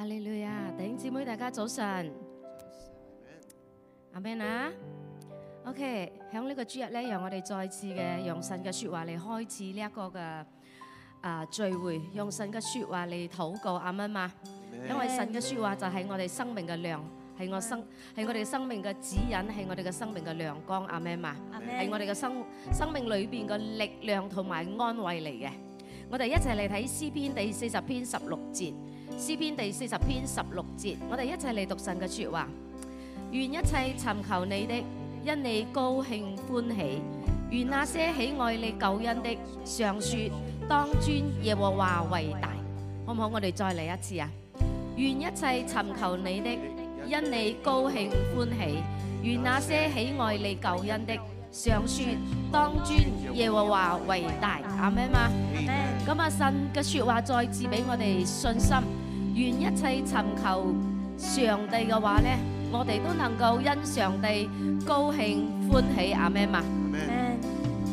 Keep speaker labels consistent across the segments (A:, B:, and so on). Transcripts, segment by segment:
A: 哈利路亞，弟兄姊妹，大家早晨。阿們，OK，響呢個主日咧，由我哋再次嘅用神嘅說話嚟開始呢一個嘅啊聚會，用神嘅說話嚟禱告，阿們。
B: 因為神嘅
A: 說話就係我哋生命嘅亮，係我生，係我哋生命嘅指引，係我哋嘅生命嘅亮光，阿們。係我哋嘅生生命裏邊嘅力量同埋安慰嚟嘅。我哋一齊嚟睇詩篇第四十篇十六節。詩篇第四十篇十六節，我哋一齊嚟讀神嘅說話。願一切尋求你的，因你高興歡喜；願那些喜愛你救恩的，常說當尊耶和華為大。好唔好？我哋再嚟一次啊！願一切尋求你的，因你高興歡喜；願那些喜愛你救恩的，常說當尊耶和華為大。啱唔啱啊？咁啊，神嘅說話再次俾我哋信心。願一切尋求上帝嘅話咧，我哋都能夠因上帝高興歡喜，阿咩嘛？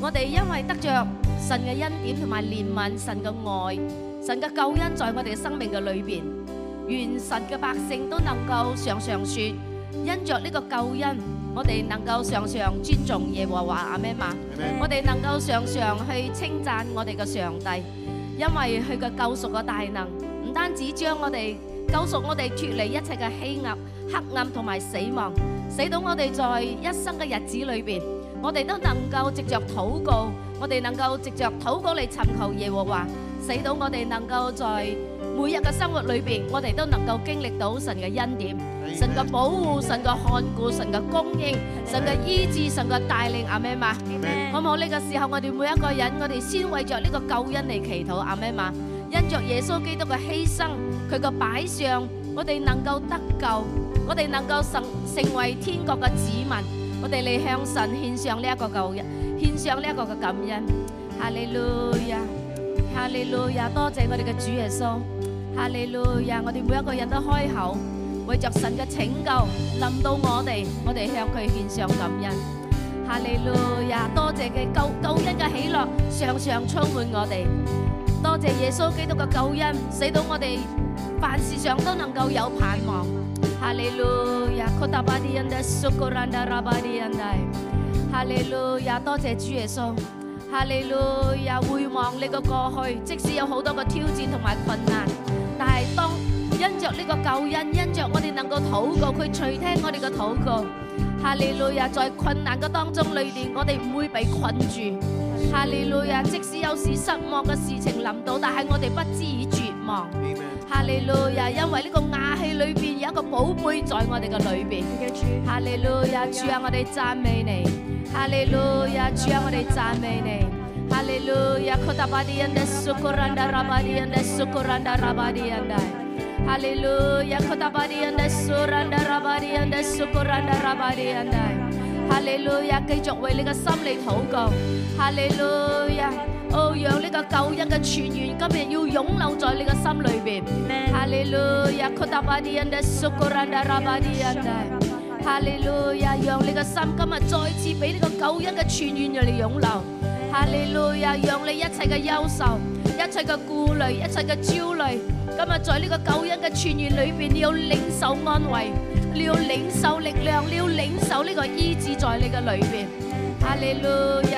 A: 我哋因為得着神嘅恩典同埋憐憫，神嘅愛，神嘅救恩在我哋嘅生命嘅裏邊。願神嘅百姓都能夠常常說，因着呢個救恩，我哋能夠常常尊重耶和華阿咩嘛？我哋能夠常常去稱讚我哋嘅上帝，因為佢嘅救贖嘅大能。唔單止將我哋救贖，我哋脫離一切嘅欺壓、黑暗同埋死亡，使到我哋在一生嘅日子裏邊，我哋都能夠藉着禱告，我哋能夠藉着禱告嚟尋求耶和華，使到我哋能夠在每日嘅生活裏邊，我哋都能夠經歷到神嘅恩典、神嘅保護、神嘅看顧、神嘅供應、神嘅醫治、神嘅帶領。阿們，好唔好？呢個時候我哋每一個人，我哋先為着呢個救恩嚟祈禱。阿們。因着耶穌基督嘅犧牲，佢嘅擺上，我哋能夠得救，我哋能夠成成為天國嘅子民，我哋嚟向神獻上呢、這、一個救恩，獻上呢一個嘅感恩，哈利路亞，哈利路亞，多謝我哋嘅主耶穌，哈利路亞，我哋每一個人都開口，為着神嘅拯救臨到我哋，我哋向佢獻上感恩，哈利路亞，多謝佢救救恩嘅喜樂，常常充滿我哋。多謝耶穌基督嘅救恩，使到我哋凡事上都能夠有盼望。哈利路亞，科達巴啲恩帝，蘇格蘭的拉巴啲恩帝。哈利路亞，多謝主耶穌。哈利路亞，回望你個過去，即使有好多個挑戰同埋困難，但係當因着呢個救恩，因着我哋能夠禱告，佢垂聽我哋嘅禱告。哈利路亞，在困難嘅當中裏邊，我哋唔會被困住。哈利路亞！即使有時失望嘅事情臨到，但係我哋不知已絕望。哈利路亞！因為呢個瓦器裏邊有一個寶貝在我哋嘅裏邊。哈利路亞！主啊，我哋讚美你。哈利路亞！主啊，我哋讚美你。哈利路亞！哈利路利路亞！哈利路亞！哈利路亞！哈利路亞！哈利路亞！哈利路亞，繼、ja, 續為你嘅心裏禱告。哈利路亞，哦，讓呢個救恩嘅泉源今日要湧流在你嘅心裏邊。哈利路亞，佢答巴，哈利路亞，讓你嘅心今日啊，再次俾呢個救恩嘅泉源讓你湧流。哈利路亞！讓你一切嘅憂愁、一切嘅顧慮、一切嘅焦慮，今日在呢個救恩嘅傳言裏邊，你要領受安慰，你要領受力量，你要領受呢個醫治在你嘅裏邊。哈利路亞！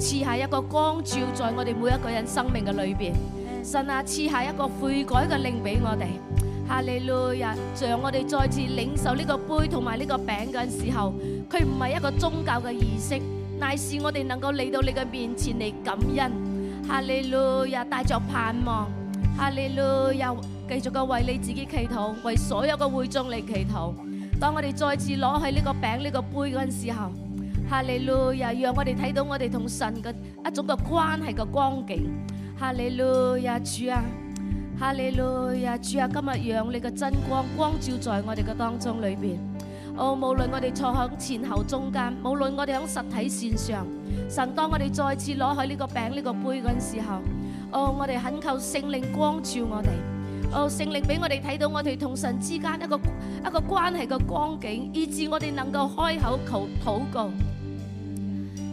A: 賜下一個光照在我哋每一個人生命嘅裏邊，神啊，賜下一個悔改嘅令俾我哋。哈利路亞！像我哋再次領受呢個杯同埋呢個餅嗰陣時候，佢唔係一個宗教嘅儀式，乃是我哋能夠嚟到你嘅面前嚟感恩。哈利路亞！帶着盼望，哈利路亞！繼續嘅為你自己祈禱，為所有嘅會眾嚟祈禱。當我哋再次攞起呢個餅、呢、呢個杯嗰陣時候，哈利路亞，ia，讓我哋睇到我哋同神嘅一種嘅關係嘅光景。哈利路亞，主啊！哈利路亞，主啊！今日讓你嘅真光光照在我哋嘅當中裏邊。哦，無論我哋坐響前後中間，無論我哋響實體線上，神，當我哋再次攞起呢個餅呢、呢個杯嗰陣時候，哦，我哋懇求聖靈光照我哋。哦，聖靈俾我哋睇到我哋同神之間一個一個關係嘅光景，以致我哋能夠開口求禱告。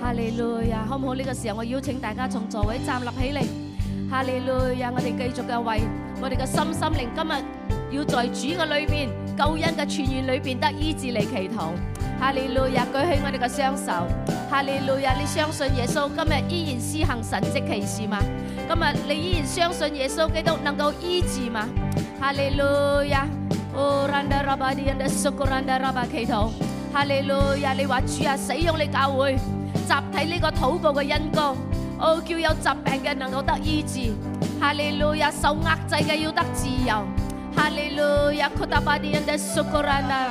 A: 哈利路亞，好唔好呢，這個時候我邀請大家從座位站立起嚟。哈利路亞，我哋繼續嘅為我哋嘅心心靈，今日要在主嘅裏邊救恩嘅傳言裏邊得醫治嚟祈禱。哈利路亞，舉起我哋嘅雙手。哈利路亞，你相信耶穌今日依然施行神蹟奇事嘛？今日你依然相信耶穌基督能夠醫治嘛？哈利路亞，哦，r n d 難得阿爸啲人得受過難得阿爸祈禱。哈利路亞，你話主啊使用你教會。集體呢個禱告嘅因公，哦叫，有疾病嘅能夠得醫治，哈利路亞，受壓制嘅要得自由，哈利路亞，擴大巴啲人嘅屬格啦，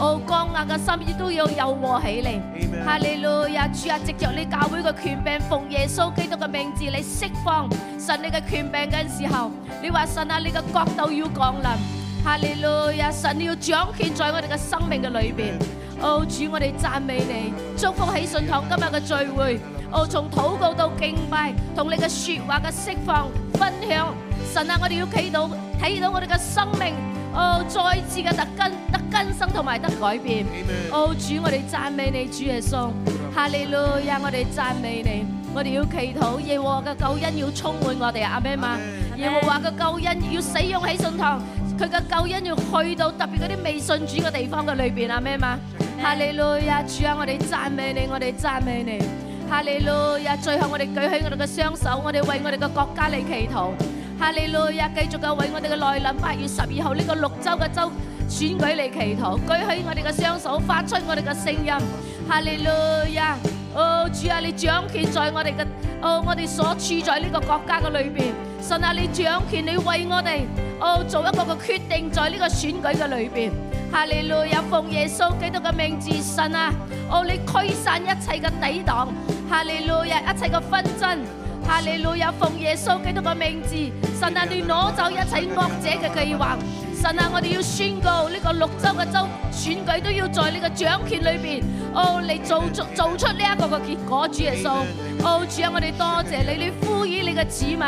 A: 哦光啊嘅心意都要柔和起嚟，哈利路亞，主啊藉着，你教會嘅權柄，奉耶穌基督嘅名字，你釋放神你嘅權柄嘅時候，你話神啊，你嘅國度要降臨，哈利路亞，神你要掌權在我哋嘅生命嘅裏邊。哦，主我哋讚美你，祝福喜信堂今日嘅聚會。哦，從禱告到敬拜，同你嘅說話嘅釋放分享，神啊，我哋要祈禱，睇到我哋嘅生命哦，再次嘅得根得更生同埋得改變。哦，主我哋讚美你，主耶穌，哈利路亞！我哋讚美你，我哋要祈禱，耶和華嘅救恩要充滿我哋。阿們，耶和華嘅救恩要使用喜信堂。佢嘅救恩要去到特別嗰啲未信主嘅地方嘅裏邊啊咩嘛？哈利路亞，主啊，我哋讚美你，我哋讚美你。哈利路亞，最後我哋舉起我哋嘅雙手，我哋為我哋嘅國家嚟祈禱。哈利路亞，繼續嘅為我哋嘅內輪八月十二號呢個綠洲嘅州選舉嚟祈禱。舉起我哋嘅雙手，發出我哋嘅聲音。哈利路亞，哦，主啊，你掌權在我哋嘅，哦，我哋所處在呢個國家嘅裏邊。神啊，你掌權，你為我哋哦做一個嘅決定，在呢個選舉嘅裏邊。哈利路亞，奉耶穌基督嘅名字，神啊，哦，你驅散一切嘅抵擋。哈利路亞，一切嘅紛爭。哈利路亞，奉耶穌基督嘅名字，神啊，你攞走一切惡者嘅計劃。神啊，我哋要宣告呢個六州嘅州選舉都要在呢個掌權裏邊哦、oh, 你做做做出呢一個嘅結果，主耶穌哦、oh, 主啊，我哋多謝，謝你，你呼籲你嘅子民，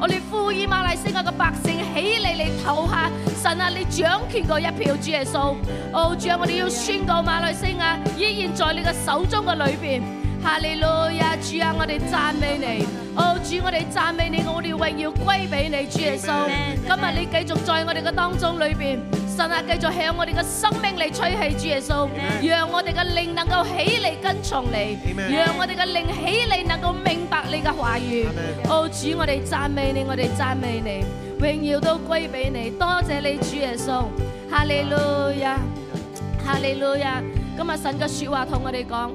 A: 我、oh, 哋呼籲馬來西亞嘅百姓起，起你嚟，投下神啊，你掌權過一票，主耶穌哦、oh, 主啊，我哋要宣告馬來西亞依然在你嘅手中嘅裏邊，哈利路亞，主啊，我哋讚美你。哦，主我哋讚美你，我哋榮耀歸俾你，主耶穌。今日你繼續在我哋嘅當中裏邊，神啊，繼續向我哋嘅生命嚟吹氣，主耶穌，讓我哋嘅靈能夠起嚟跟從你，讓我哋嘅靈起嚟能夠明白你嘅話語。哦，主我哋讚美你，我哋讚美你，榮耀都歸俾你，多謝你，主耶穌，哈利路亞，哈利路亞。今日神嘅說話同我哋講，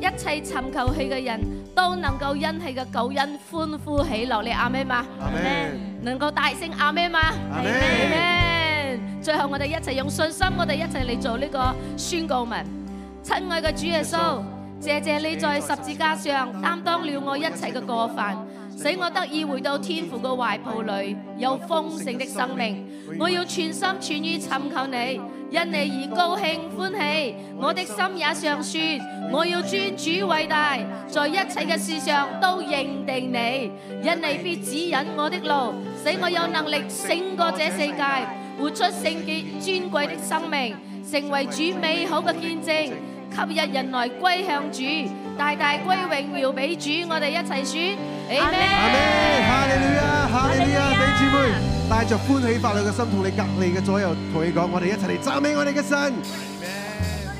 A: 一切尋求氣嘅人都能夠因佢嘅救恩歡呼喜樂，你阿們嗎？阿們能夠大聲阿們嗎？阿們。最後我哋一齊用信心，我哋一齊嚟做呢個宣告文。親愛嘅主耶穌，謝謝你在十字架上擔當了我一切嘅過犯，使我得以回到天父嘅懷抱裏有豐盛的生命。我要全心全意尋求你，因你而高興歡喜，我的心也上說，我要尊主偉大，在一切嘅事上都認定你，因你必指引我的路，使我有能力勝過這世界，活出聖潔尊貴的生命，成為主美好嘅見證，吸引人來歸向主，大大歸榮耀俾主，我哋一齊說，阿們，阿們，哈利路亞，哈
C: 利路亞，弟兄姊妹。帶着歡喜發亮嘅心，同你隔籬嘅左右同你講，我哋一齊嚟讚美我哋嘅神，Amen.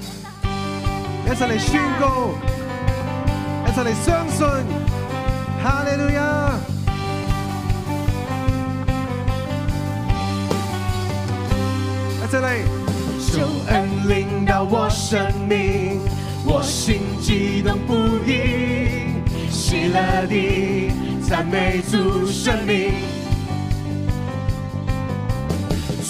C: 一齊嚟宣告，Amen. 一齊嚟相信，哈利路亞！一齊嚟，就恩臨到我生命，我心激動不已，喜樂地讚美主生命。」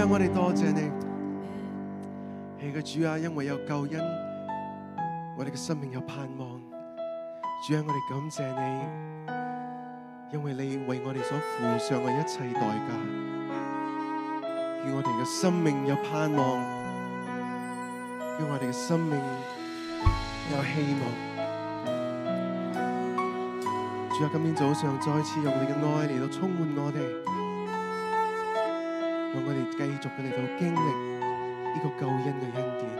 C: 主啊，我哋多謝，謝你，係嘅主啊！因為有救恩，我哋嘅生命有盼望。主啊，我哋感謝你，因為你為我哋所付上嘅一切代價，叫我哋嘅生命有盼望，叫我哋嘅生命有希望。主啊，今天早上再次用你嘅愛嚟到充滿我哋。讓我哋繼續嘅嚟到經歷呢個救恩嘅恩典。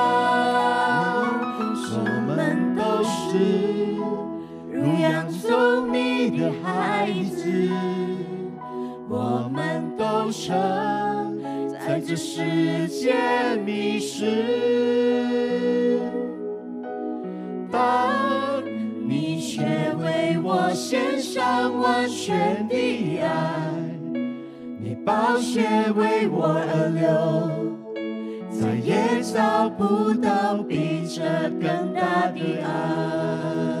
C: 世界迷失，
B: 當
C: 你卻為我獻上完全的愛，你寶血為我而流，
B: 再
C: 也找不到比這更大的愛。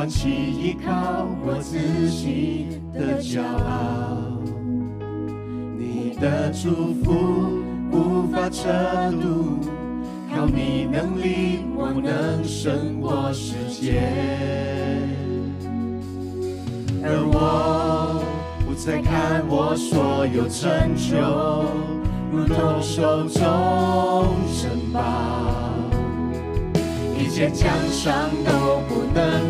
C: 放棄依靠我自己的驕傲，你的祝福無法遮住，靠你能力我能勝過世界，而我不再看我所有成就如同手中城堡，一切獎賞都不能。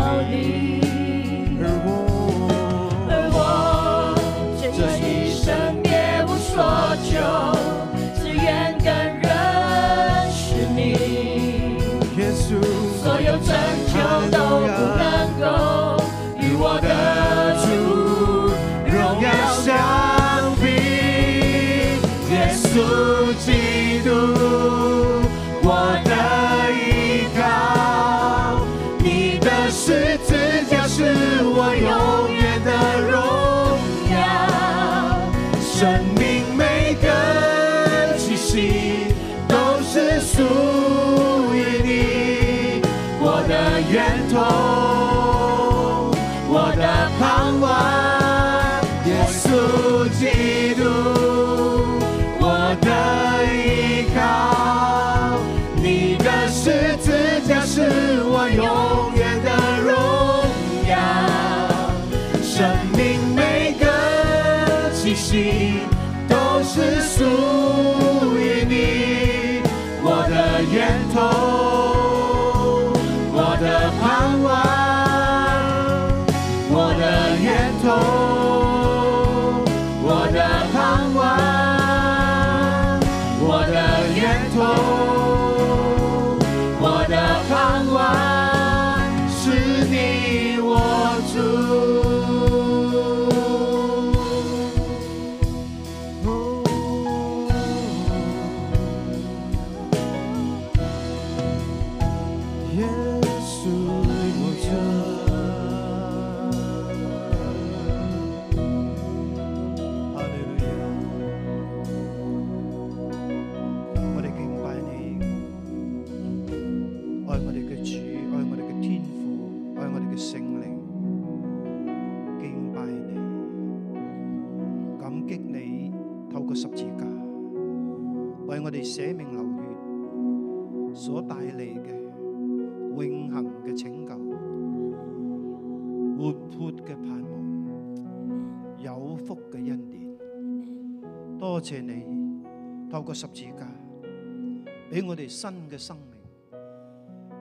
D: 新嘅生命，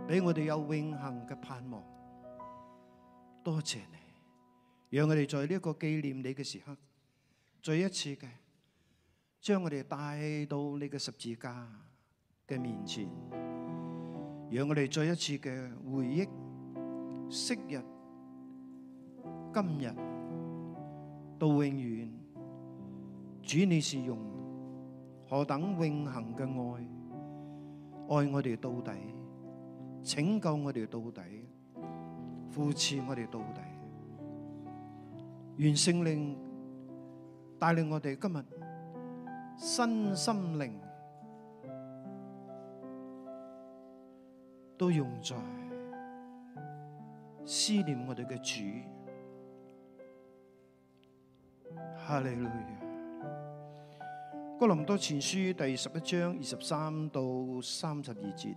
D: 俾我哋有永恒嘅盼望。多謝你，讓我哋在呢個紀念你嘅時刻，再一次嘅將我哋帶到你嘅十字架嘅面前，讓我哋再一次嘅回憶，昔日、今日到永遠。主你是用何等永恒嘅愛，愛我哋到底，拯救我哋到底，扶持我哋到底，願聖靈帶領我哋今日，身心靈都用在思念我哋嘅主，哈利路亞哥林多前書第十一章二十三到三十二節，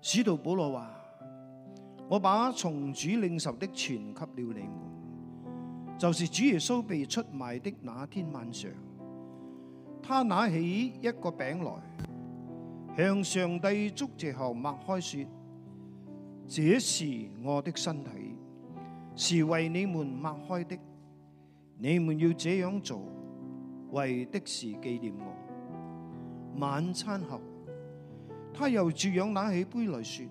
D: 使徒保羅話：我把從主領受的傳給了你們，就是主耶穌被出賣的那天晚上，他拿起一個餅來，向上帝祝謝後擘開說：這是我的身體，是為你們擘開的，你們要這樣做。為的是紀念我。晚餐後，他又照樣拿起杯來說：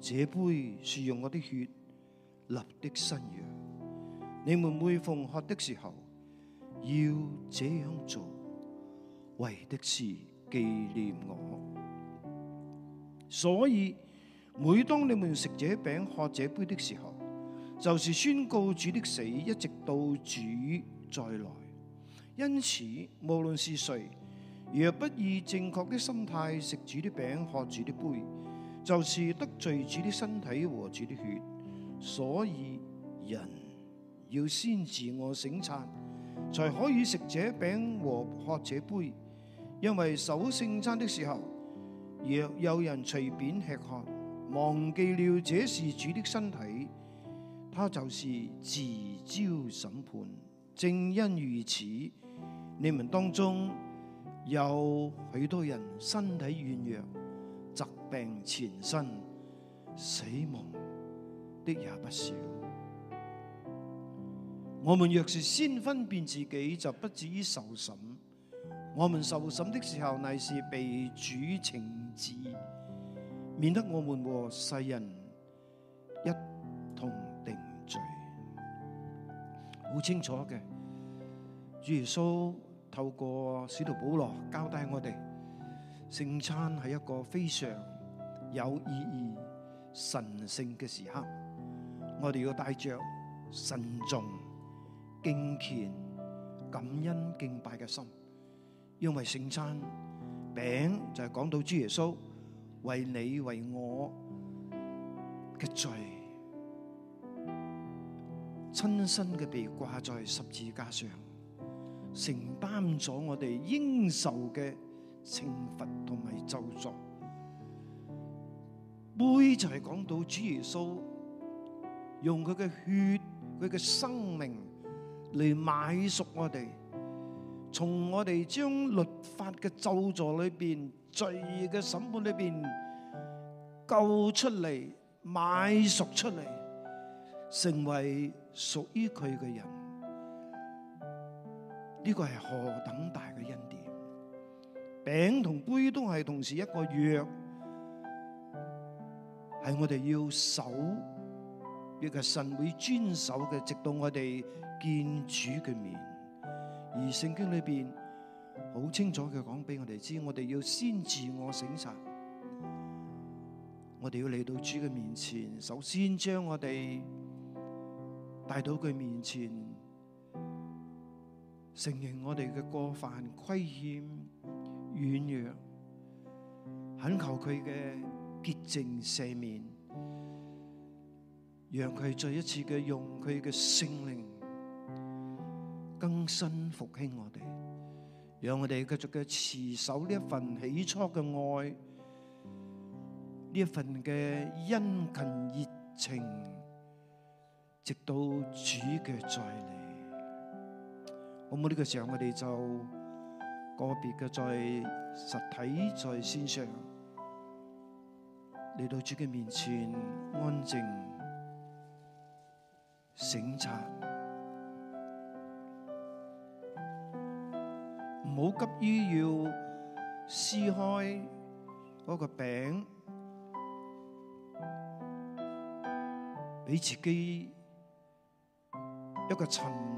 D: 這杯是用我的血立的新約。你們每逢喝的時候，要這樣做，為的是紀念我。所以，每當你們食這餅、喝這杯的時候，就是宣告主的死，一直到主再來。因此，無論是誰，若不以正確的心態食主的餅、喝主的杯，就是得罪主的身體和主的血。所以，人要先自我省察，才可以食這餅和喝這杯。因為守聖餐的時候，若有人隨便吃喝，忘記了這是主的身體，他就是自招審判。正因如此，你們當中有許多人身體軟弱、疾病纏身、死亡的也不少。我們若是先分辨自己，就不至於受審。我們受審的時候，乃是被主懲治，免得我們和世人一同定罪。好清楚嘅，耶穌。透過使徒保羅交代我哋，聖餐係一個非常有意義、神聖嘅時刻。我哋要帶着慎重、敬虔、感恩、敬拜嘅心，因為聖餐餅就係講到主耶穌為你、為我嘅罪，親身嘅被掛在十字架上。承擔咗我哋應受嘅懲罰同埋咒詛，杯就係講到主耶穌用佢嘅血、佢嘅生命嚟買贖我哋，從我哋將律法嘅咒詛裏邊、罪孽嘅審判裏邊救出嚟、買贖出嚟，成為屬於佢嘅人。呢個係何等大嘅恩典！餅同杯都係同時一個約，係我哋要守，亦係神會遵守嘅，直到我哋見主嘅面。而聖經裏邊好清楚嘅講俾我哋知，我哋要先自我省察，我哋要嚟到主嘅面前，首先將我哋帶到佢面前。承認我哋嘅過犯、虧欠、軟弱，懇求佢嘅潔淨赦免，讓佢再一次嘅用佢嘅聖靈更新復興我哋，讓我哋繼續嘅持守呢一份起初嘅愛，呢一份嘅殷勤熱情，直到主嘅再嚟。我冇呢個時候，我哋就個別嘅在實體在線上嚟到主嘅面前安靜省察，唔好急於要撕開嗰個餅，俾自己一個沉。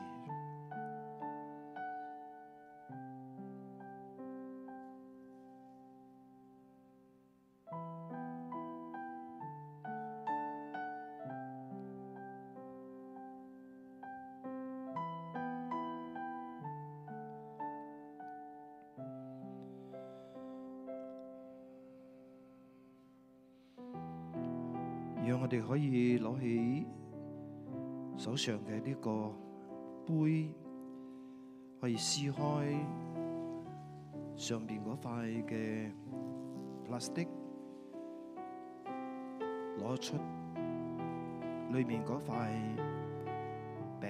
D: 我哋可以攞起手上嘅呢個杯，可以撕開上面嗰塊嘅 plastic，攞出裏面嗰塊餅，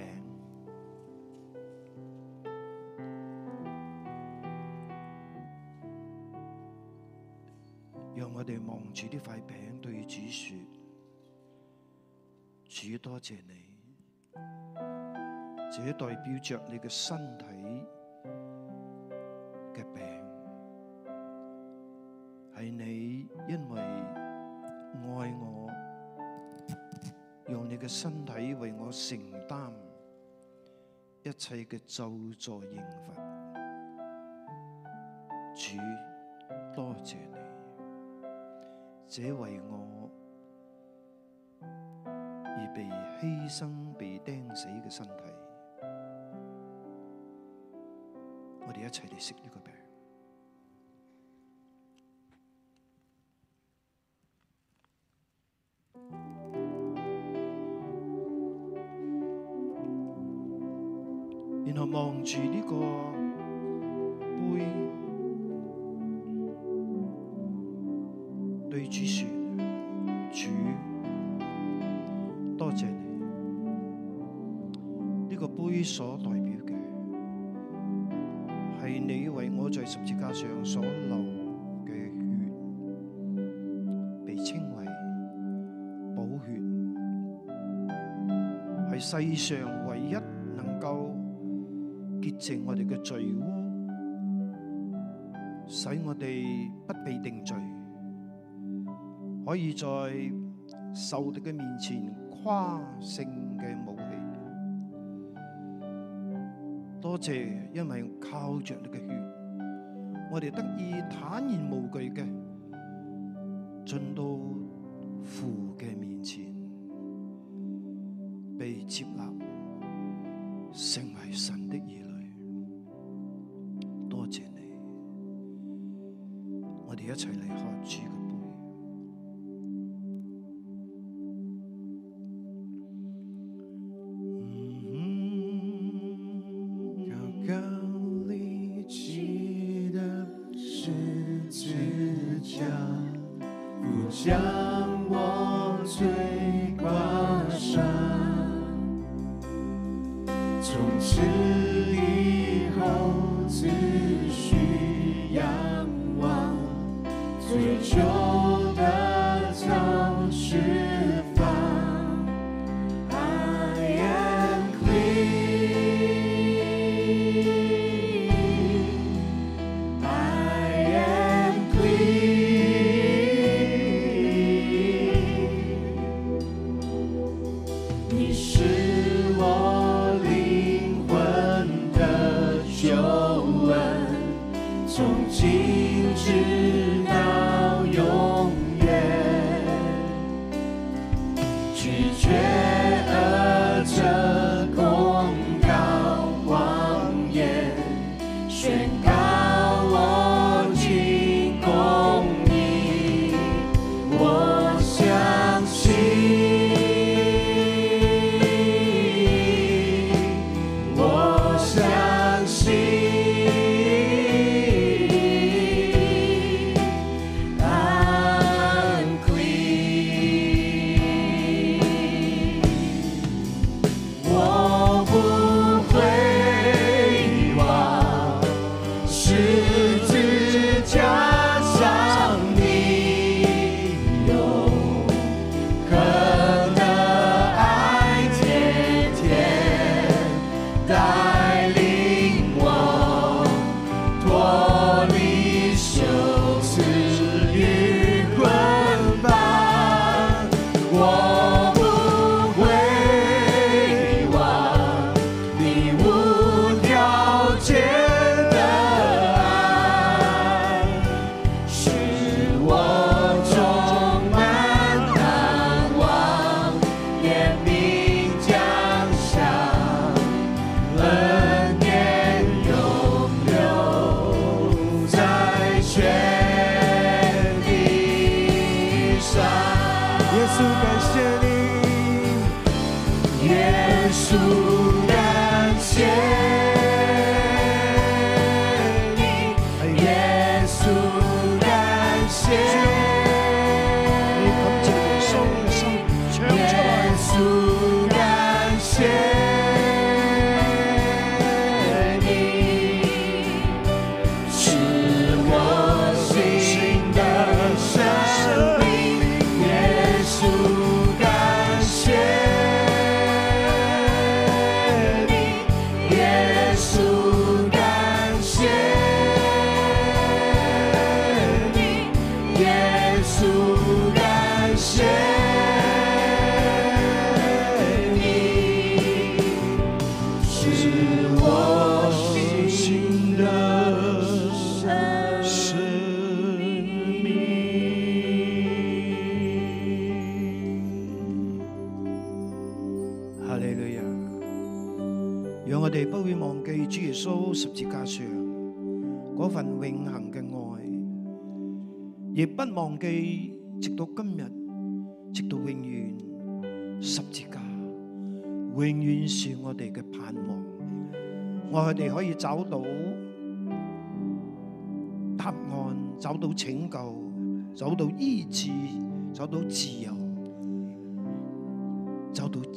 D: 讓我哋望住呢塊餅對主説。多謝你，這代表着你嘅身體嘅病，係你因為愛我，用你嘅身體為我承擔一切嘅咒詛刑罰。主，多謝你，這為我犧牲被釘死嘅身體，我哋一齊嚟食呢個餅。在仇敵嘅面前誇勝嘅武器，多謝，因為靠着你嘅血，我哋得以坦然無懼嘅進到父嘅面前，被接納，成為神的兒。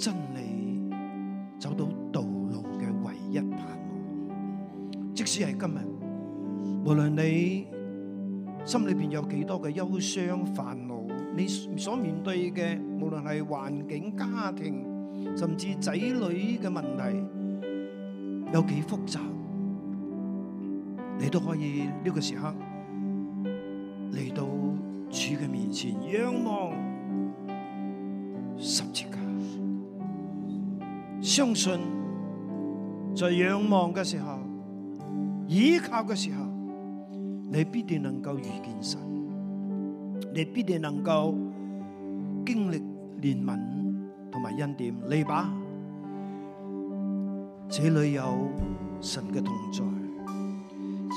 D: 真理走到道路嘅唯一盼望，即使係今日，無論你心裏邊有幾多嘅憂傷煩惱，你所面對嘅無論係環境、家庭，甚至仔女嘅問題，有幾複雜，你都可以呢個時刻嚟到主嘅面前仰望。相信在仰望嘅時候、倚靠嘅時候，你必定能夠遇見神，你必定能夠經歷憐憫同埋恩典，你把這裏有神嘅同在，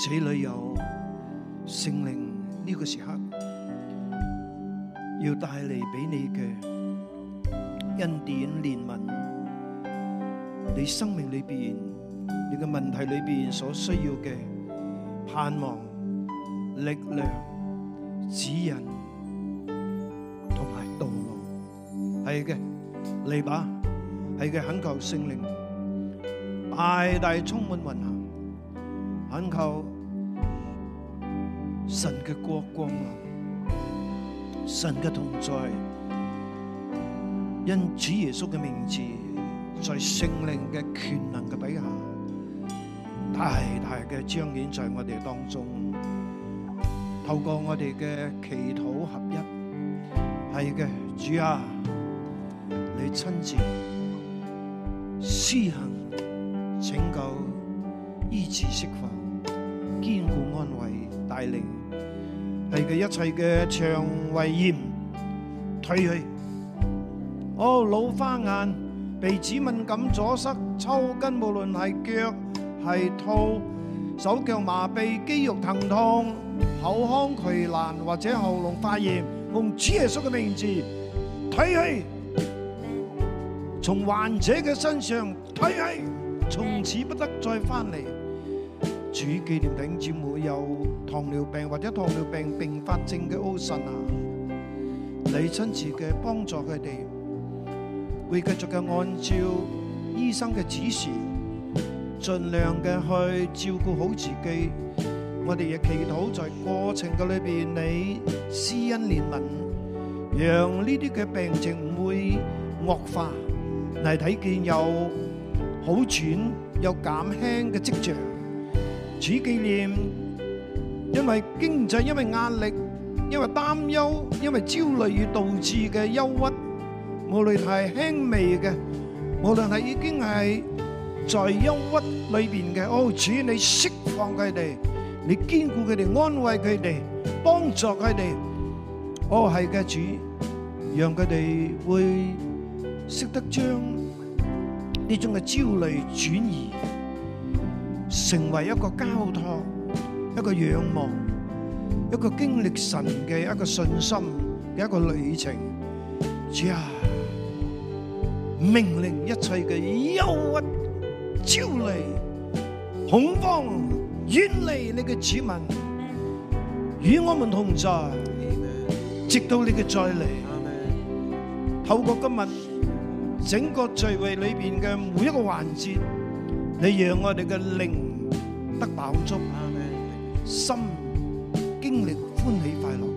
D: 這裏有聖靈呢個時刻要帶嚟俾你嘅恩典、憐憫。你生命裏邊，你嘅問題裏邊所需要嘅盼望、力量、指引同埋道路，係嘅嚟吧，係嘅懇求聖靈，大大充滿運行，懇求神嘅國光啊，神嘅同在，因主耶穌嘅名字。在聖靈嘅權能嘅底下，大大嘅彰顯在我哋當中。透過我哋嘅祈禱合一，係嘅，主啊，你親自施行拯救，醫治釋放堅固安慰帶領，係佢一切嘅腸胃炎退去，哦老花眼。鼻子敏感、阻塞、抽筋，無論係腳係肚、手腳麻痹、肌肉疼痛、口腔潰爛或者喉嚨發炎，用主耶穌嘅名字，退去。從患者嘅身上退去，從此不得再翻嚟。主紀念頂住會有糖尿病或者糖尿病併發症嘅歐臣啊，你親自嘅幫助佢哋。會繼續嘅按照醫生嘅指示，盡量嘅去照顧好自己。我哋亦祈禱在過程嘅裏邊，你施恩憐憫，
B: 讓
D: 呢啲嘅病情唔會惡化，嚟睇見有好轉、有減輕嘅跡象。主紀念，因為經濟、因為壓力、因為擔憂、因為焦慮而導致嘅憂鬱。無論係輕微嘅，無論係已經係在憂鬱裏邊嘅，哦，主你釋放佢哋，你堅固佢哋，安慰佢哋，幫助佢哋，哦係嘅主，讓佢哋會識得將呢種嘅焦慮轉移成為一個交託、一個仰望、一個經歷神嘅一個信心嘅一個旅程，主啊！命令一切嘅憂鬱、焦慮、恐慌，遠離你嘅子民，與我們同在，直到你嘅再嚟。透過今日整個聚會裏邊嘅每一個環節，你讓我哋嘅靈得飽足，心經歷歡喜快樂。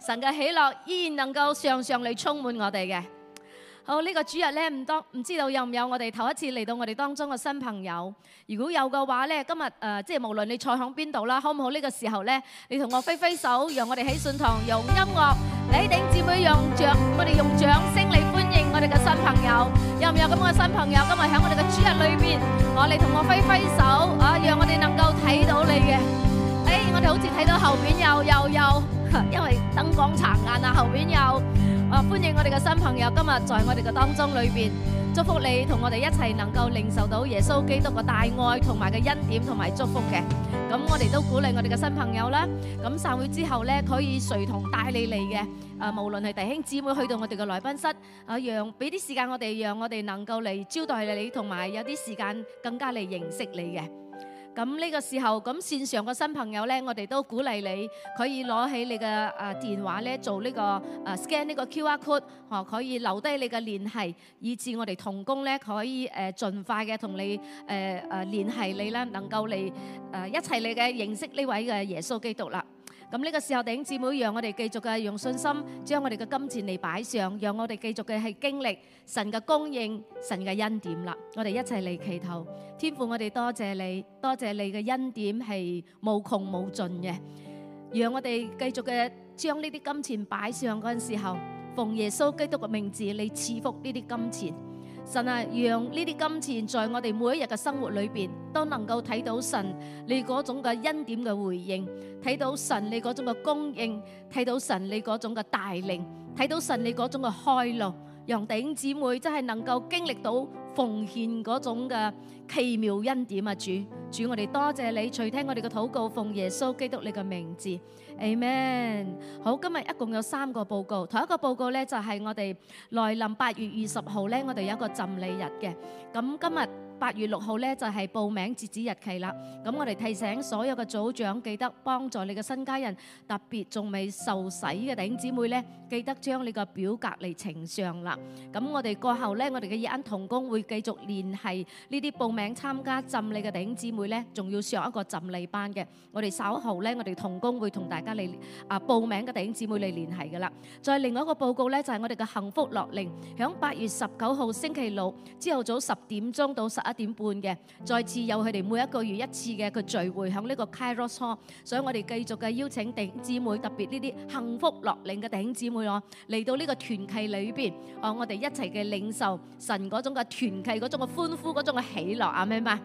A: 神嘅喜樂依然能夠常常嚟充滿我哋嘅。好，呢個主日咧，唔多唔知道有唔有我哋頭一次嚟到我哋當中嘅新朋友。如果有嘅話咧，今日誒，即係無論你坐響邊度啦，好唔好呢個時候咧，你同我揮揮手，讓我哋喺信堂用音樂，你哋姊妹用掌，我哋用掌聲嚟歡迎我哋嘅新朋友。有唔有咁嘅新朋友？今日響我哋嘅主日裏邊，我哋你同我揮揮手，啊，讓我哋能夠睇到你嘅。誒，我哋好似睇到後邊又又又，因為燈光殘暗啊，後邊又啊，歡迎我哋嘅新朋友，今日在我哋嘅當中裏邊，祝福你同我哋一齊能夠領受到耶穌基督嘅大愛同埋嘅恩典同埋祝福嘅。咁我哋都鼓勵我哋嘅新朋友啦。咁散會之後咧，可以隨同帶你嚟嘅，誒，無論係弟兄姊妹去到我哋嘅來賓室，啊，讓俾啲時間我哋，讓我哋能夠嚟招待你，同埋有啲時間更加嚟認識你嘅。咁呢個時候，咁線上嘅新朋友我哋都鼓勵你可以攞起你嘅電話做呢、呢個、啊、scan 呢個 QR code，可以留低你嘅聯繫，以至我哋同工可以誒盡、呃、快嘅同你誒、呃、係聯繫你呢，能夠嚟、呃、一齊你嘅認識呢位嘅耶穌基督啦。咁呢個時候弟兄姊妹，讓我哋繼續嘅用信心將我哋嘅金錢嚟擺上，讓我哋繼續嘅係經歷神嘅供應、神嘅恩典啦。我哋一齊嚟祈禱，天父我哋多謝你，多謝你嘅恩典係無窮無盡嘅。讓我哋繼續嘅將呢啲金錢擺上嗰陣時候，奉耶穌基督嘅名字嚟賜福呢啲金錢。神啊，讓呢啲金錢在我哋每一日嘅生活裏面都能夠睇到神你嗰種嘅恩典嘅回應，睇到神你嗰種嘅供應，睇到神你嗰種嘅帶領，睇到神你嗰種嘅開路，讓弟兄姊妹真係能夠經歷到奉獻嗰種嘅奇妙恩典啊，主。主，我哋多謝你垂聽我哋嘅禱告，奉耶穌基督你嘅名字，Amen。好，今日一共有三個報告，第一個報告咧就係我哋來臨八月二十號咧，我哋有一個浸禮日嘅，咁今日。八月六號咧就係報名截止日期啦，咁我哋提醒所有嘅組長記得幫助你嘅新家人，特別仲未受洗嘅弟兄姊妹咧，記得將你個表格嚟呈上啦。咁我哋過後咧，我哋嘅二間同工會繼續聯繫呢啲報名參加浸禮嘅弟兄姊妹咧，仲要上一個浸禮班嘅。我哋稍後咧，我哋同工會同大家嚟啊報名嘅弟兄姊妹嚟聯繫噶啦。再另外一個報告咧，就係我哋嘅幸福樂齡，響八月十九號星期六朝頭早十點鐘到十。一點半嘅，再次有佢哋每一個月一次嘅佢聚會喺呢個 Kairos Hall，所以我哋繼續嘅邀請弟兄姊妹，特別呢啲幸福落領嘅弟兄姊妹哦，嚟到呢個團契裏邊哦，我哋一齊嘅領受神嗰種嘅團契嗰種嘅歡呼嗰種嘅喜樂，啱唔啱？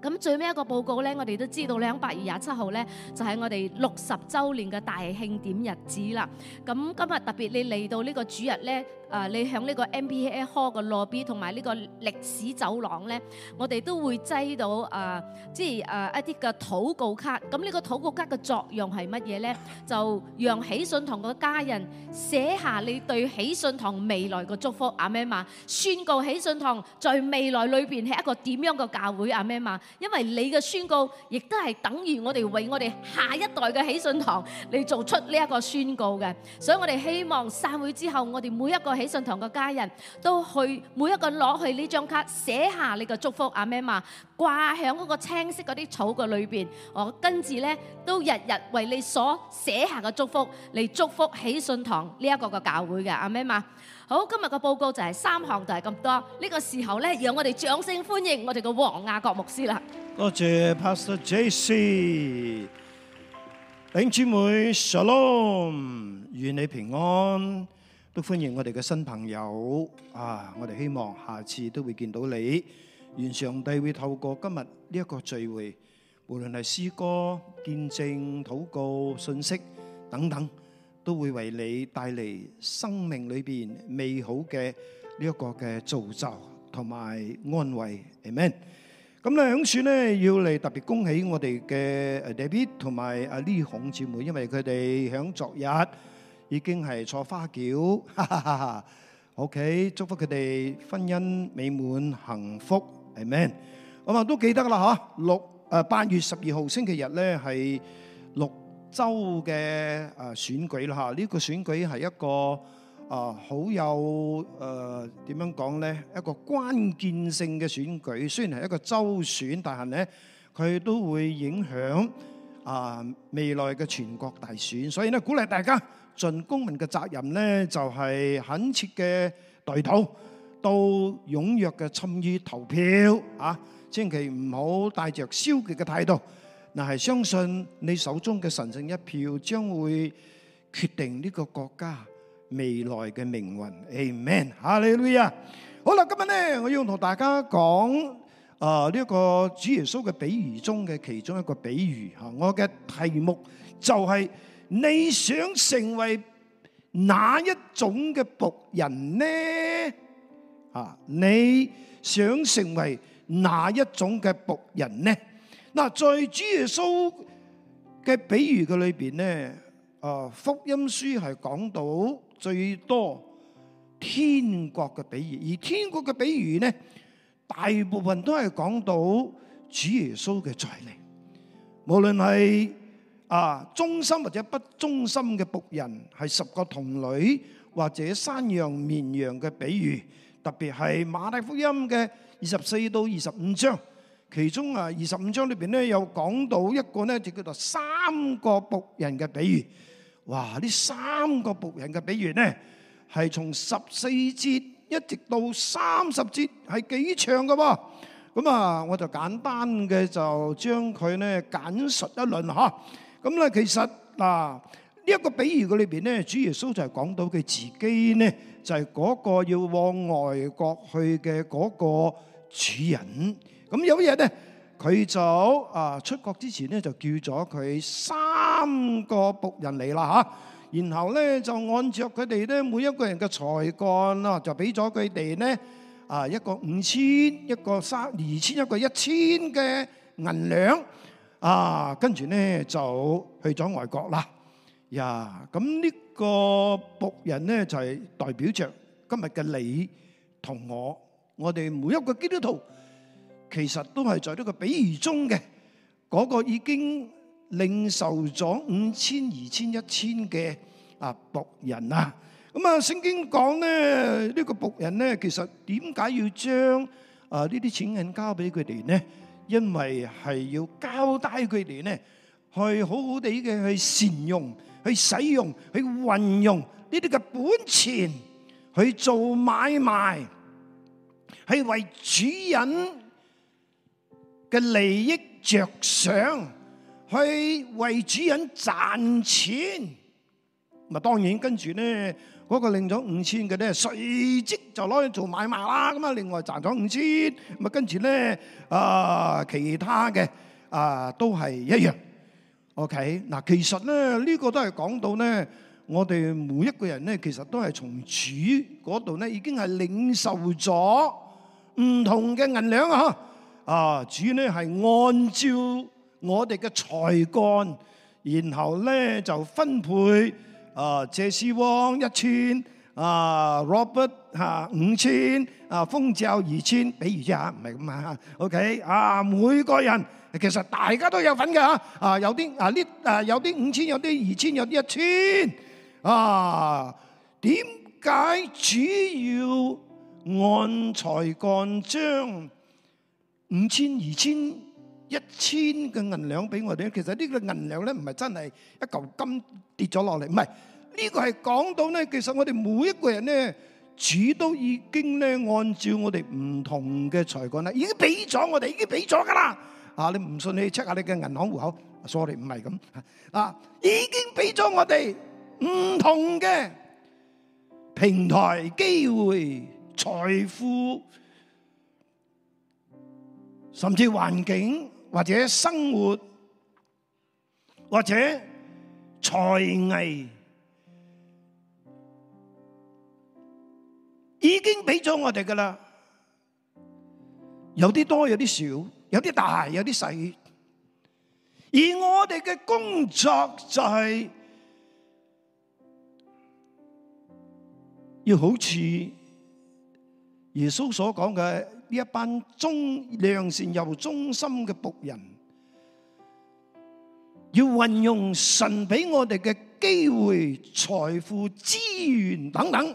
A: 咁最尾一個報告咧，我哋都知道咧，喺八月廿七號咧，就係我哋六十周年嘅大慶典日子啦。咁今日特別你嚟到呢個主日咧。啊！你喺呢個 MBA Hall 嘅 lobby 同埋呢個歷史走廊咧，我哋都會擠到啊，即係啊一啲嘅禱告卡。咁呢個禱告卡嘅作用係乜嘢咧？就讓喜信堂嘅家人寫下你對喜信堂未來嘅祝福，阿咩嘛宣告喜信堂在未來裏邊係一個點樣嘅教會，阿咩嘛？因為你嘅宣告亦都係等於我哋為我哋下一代嘅喜信堂嚟做出呢一個宣告嘅。所以我哋希望散會之後，我哋每一個喜信堂嘅家人都去每一個攞去呢張卡寫下你嘅祝福，阿咩嘛，掛響嗰個青色嗰啲草嘅裏邊，我跟住咧都日日為你所寫下嘅祝福嚟，祝福喜信堂呢一個嘅教會嘅阿咩嘛。好，今日嘅報告就係三項，就係咁多。呢個時候咧，讓我哋掌聲歡迎我哋嘅黃雅各牧師啦。
D: 多謝 Pastor JC，弟兄姊妹 Shalom，願你平安。都歡迎我哋嘅新朋友啊！我哋希望下次都會見到你。願上帝會透過今日呢一個聚會，無論係詩歌、見證、禱告、信息等等，都會為你帶嚟生命裏邊美好嘅呢一個嘅造就同埋安慰。Amen。咁呢喺處呢要嚟特別恭喜我哋嘅阿 David 同埋阿李孔姊妹，因為佢哋喺昨日。已經係坐花轎，OK，祝福佢哋婚姻美滿幸福，Amen。咁啊，都記得啦，嗬六誒八月十二號星期日咧，係六州嘅誒選舉啦，嚇呢個選舉係一個啊好有誒點樣講咧，一個關鍵性嘅選舉，雖然係一個州選，但係咧佢都會影響啊未來嘅全國大選，所以咧鼓勵大家。盡公民嘅責任咧，就係懇切嘅禱告，到踴躍嘅參與投票啊！千祈唔好帶着消極嘅態度，嗱係相信你手中嘅神聖一票，將會決定呢個國家未來嘅命運。Amen！哈利路亞！好啦，今日咧，我要同大家講啊呢個主耶穌嘅比喻中嘅其中一個比喻啊，我嘅題目就係。你想成為哪一種嘅僕人呢？啊，你想成為哪一種嘅僕人呢？嗱，在主耶穌嘅比喻嘅裏邊呢，啊福音書係講到最多天國嘅比喻，而天國嘅比喻呢，大部分都係講到主耶穌嘅再嚟，無論係。啊，忠心或者不忠心嘅僕人，係十個童女，或者山羊綿羊嘅比喻，特別係馬太福音嘅二十四到二十五章，其中啊二十五章裏邊咧有講到一個咧就叫做三個僕人嘅比喻。哇！呢三個僕人嘅比喻咧，係從十四節一直到三十節係幾長噶噃。咁啊，我就簡單嘅就將佢咧簡述一輪吓。咁咧其實嗱呢一個比喻嘅裏邊咧，主耶穌就係講到佢自己咧，就係嗰個要往外國去嘅嗰個主人。咁有一日咧，佢就啊出國之前咧，就叫咗佢三個僕人嚟啦嚇。然後咧就按照佢哋咧，每一個人嘅才幹啊，就俾咗佢哋咧啊一個五千、一個三二千、一個一千嘅銀兩。啊，跟住咧就去咗外國啦。呀，咁呢個僕人咧就係代表着今日嘅你同我，我哋每一個基督徒，其實都係在呢個比喻中嘅嗰個已經領受咗五千、二千、一千嘅啊僕人啊。咁啊，聖經講咧呢個僕人咧，其實點解要將啊呢啲錢銀交俾佢哋呢？因為係要交代佢哋咧，去好好地嘅去善用、去使用、去運用呢啲嘅本錢去做買賣，去為主人嘅利益着想，去為主人賺錢。咁啊，當然跟住咧。嗰個領咗五千嘅咧，隨即就攞去做買賣啦，咁啊，另外賺咗五千，咪跟住咧啊，其他嘅啊都係一樣。OK，嗱，其實咧呢個都係講到咧，我哋每一個人咧，其實都係從主嗰度咧已經係領受咗唔同嘅銀兩啊！啊，主咧係按照我哋嘅才幹，然後咧就分配。啊，謝詩汪一千，啊 Robert 吓五千，啊風照二千，比如啫吓，唔係咁吓，OK，啊每個人其實大家都有份嘅吓，啊有啲啊呢啊有啲五千，有啲二千，有啲一千，啊點解主要按才幹，將五千、二千、一千嘅銀兩俾我哋？其實呢個銀兩咧唔係真係一嚿金跌咗落嚟，唔係。個呢個係講到咧，其實我哋每一個人咧，主都已經咧按照我哋唔同嘅才幹咧，已經俾咗我哋，已經俾咗噶啦。啊，你唔信你 check 下你嘅銀行戶口，sorry 唔係咁，啊，已經俾咗我哋唔同嘅平台、機會、財富，甚至環境或者生活或者才藝。已經俾咗我哋噶啦，有啲多，有啲少，有啲大，有啲細。而我哋嘅工作就係要好似耶穌所講嘅呢一班忠良善又忠心嘅僕人，要運用神俾我哋嘅機會、財富、資源等等，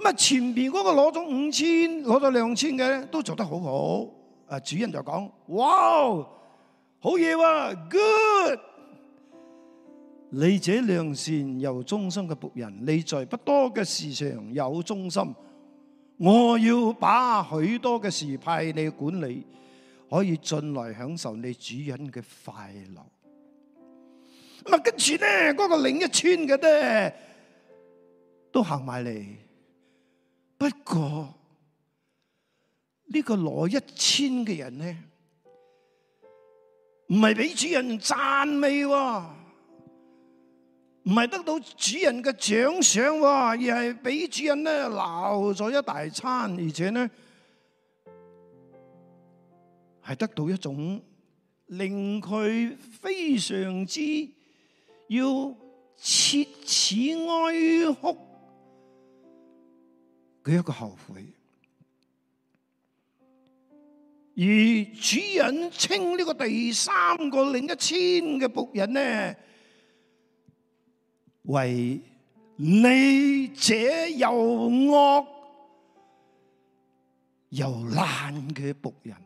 D: 咁啊，前邊嗰個攞咗五千，攞咗兩千嘅咧，都做得好好。啊，主人就講：哇，好嘢喎，Good！你這良善又忠心嘅僕人，你在不多嘅事上有忠心，我要把許多嘅事派你管理，可以進來享受你主人嘅快樂。咁啊，跟住咧，嗰個領一千嘅咧，都行埋嚟。不過呢、這個攞一千嘅人呢，唔係俾主人讚美，唔係得到主人嘅獎賞，而係俾主人呢鬧咗一大餐，而且呢係得到一種令佢非常之要切齒哀哭。佢一個後悔，而主人稱呢個第三個領一千嘅僕人呢，為你者又惡又懶嘅僕人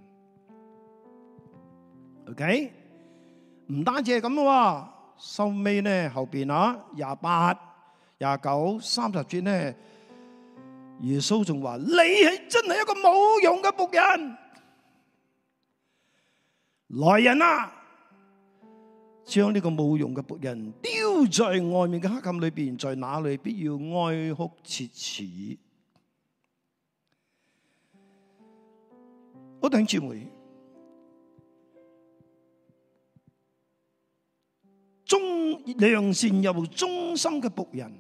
D: okay？OK，唔單止係咁咯，收尾呢後邊啊廿八、廿九、三十節呢？耶穌仲話：你係真係一個冇用嘅僕人，來人啊，將呢個冇用嘅僕人丟在外面嘅黑暗裏邊，在那裏必要哀哭切齒。我等住，會忠良善又忠心嘅僕人，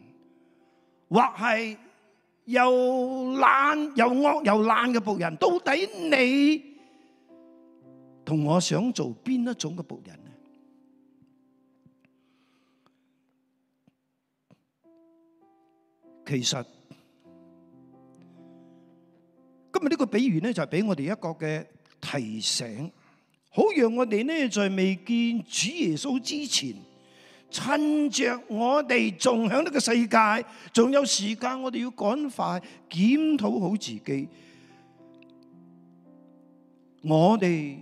D: 或係。又懶又惡又懶嘅僕人，到底你同我想做邊一種嘅僕人咧？其實今日呢個比喻咧，就係俾我哋一個嘅提醒，好讓我哋咧，在未見主耶穌之前。趁著我哋仲喺呢個世界，仲有時間，我哋要趕快檢討好自己。我哋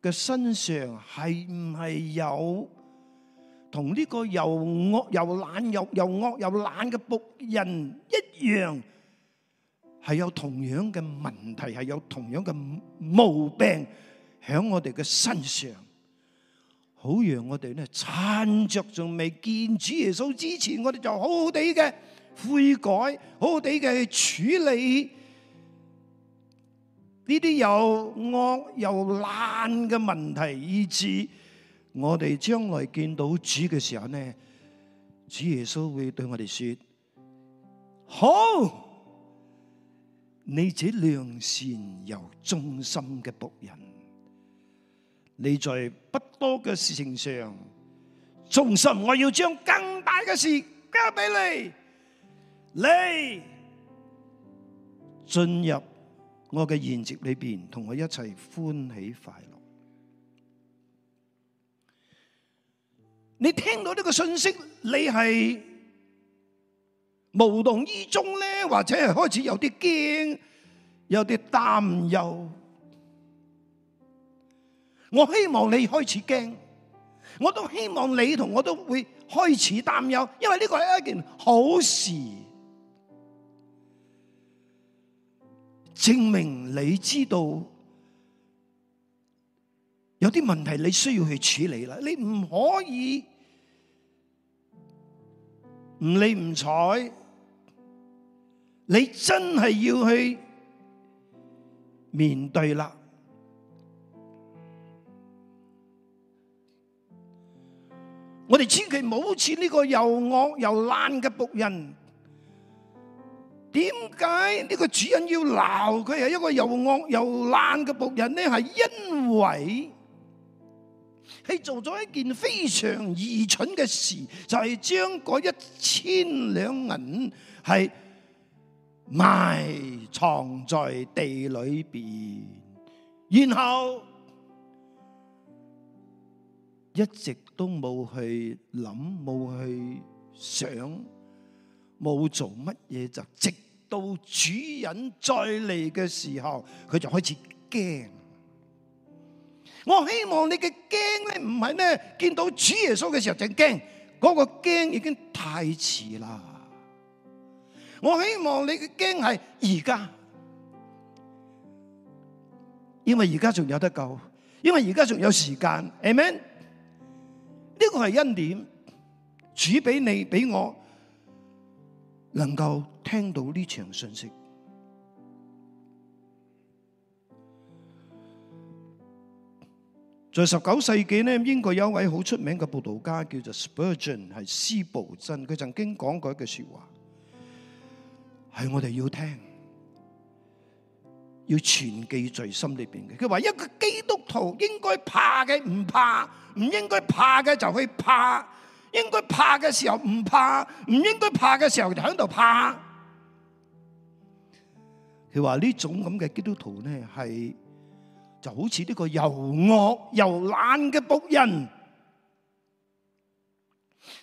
D: 嘅身上係唔係有同呢個又惡又懶又又惡又懶嘅僕人一樣，係有同樣嘅問題，係有同樣嘅毛病喺我哋嘅身上？好讓我哋咧，趁着仲未見主耶穌之前，我哋就好好哋嘅悔改，好好哋嘅處理呢啲又惡又爛嘅問題，以致我哋將來見到主嘅時候呢，主耶穌會對我哋說：好，你這良善又忠心嘅僕人。你在不多嘅事情上忠心，我要將更大嘅事交俾你。你進入我嘅宴席裏邊，同我一齊歡喜快樂。你聽到呢個信息，你係無動於衷呢，或者係開始有啲驚，有啲擔憂？我希望你開始驚，我都希望你同我都會開始擔憂，因為呢個係一件好事，證明你知道有啲問題你需要去處理啦，你唔可以，唔理唔睬，你真係要去面對啦。我哋千祈唔好似呢個又惡又懶嘅僕人，點解呢個主人要鬧佢係一個又惡又懶嘅僕人呢？係因為佢做咗一件非常愚蠢嘅事，就係將嗰一千兩銀係埋藏在地裏邊，然後。一直都冇去諗，冇去想，冇做乜嘢，就直到主人再嚟嘅時候，佢就開始驚。我希望你嘅驚咧，唔係咩？見到主耶穌嘅時候就驚，嗰個驚已經太遲啦。我希望你嘅驚係而家，因為而家仲有得救，因為而家仲有時間。阿們。Amen? 呢個係恩典，只俾你俾我，能夠聽到呢場信息。在十九世紀呢，英國有一位好出名嘅布道家叫做 Spurgeon，係司布真，佢曾經講過一句說話，係我哋要聽。要存記在心裏邊嘅，佢話一個基督徒應該怕嘅唔怕，唔應該怕嘅就去怕，應該怕嘅時候唔怕，唔應該怕嘅時候就喺度怕。佢話呢種咁嘅基督徒咧，係就好似呢個又惡又懶嘅僕人，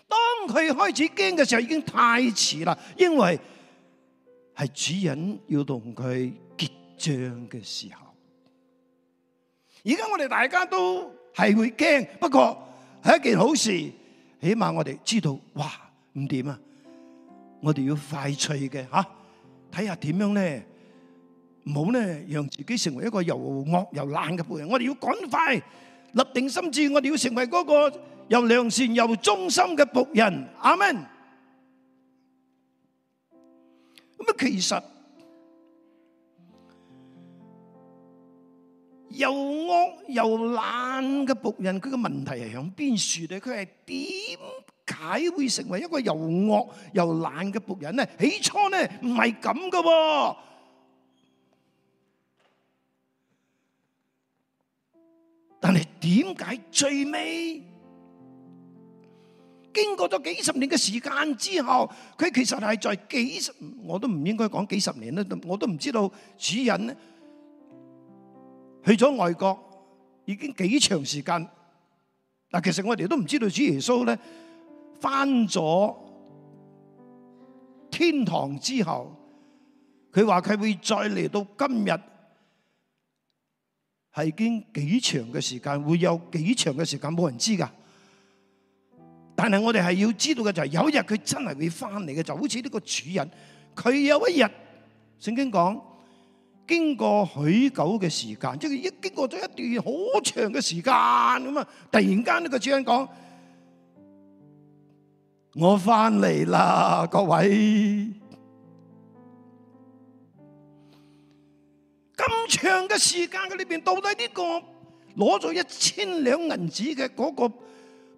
D: 當佢開始驚嘅時候已經太遲啦，因為係主人要同佢。漲嘅時候，而家我哋大家都係會驚，不過係一件好事，起碼我哋知道，哇唔掂啊！我哋要快脆嘅吓，睇下點樣咧，唔好咧讓自己成為一個又惡又懶嘅僕人。我哋要趕快立定心志，我哋要成為嗰個又良善又忠心嘅僕人，阿們。咁啊，其實。又惡又懶嘅僕人，佢嘅問題係響邊處咧？佢係點解會成為一個又惡又懶嘅僕人咧？起初咧唔係咁嘅喎，但係點解最尾經過咗幾十年嘅時間之後，佢其實係在幾十，我都唔應該講幾十年啦，我都唔知道主人咧。去咗外國，已經幾長時間？嗱，其實我哋都唔知道主耶穌咧翻咗天堂之後，佢話佢會再嚟到今日，係已經幾長嘅時間，會有幾長嘅時間，冇人知噶。但係我哋係要知道嘅就係有一日佢真係會翻嚟嘅，就好似呢個主人，佢有一日，聖經講。經過許久嘅時間，即係一經過咗一段好長嘅時間咁啊！突然間呢個主人講：我翻嚟啦，各位！咁長嘅時間嘅裏邊，到底呢個攞咗一千兩銀紙嘅嗰個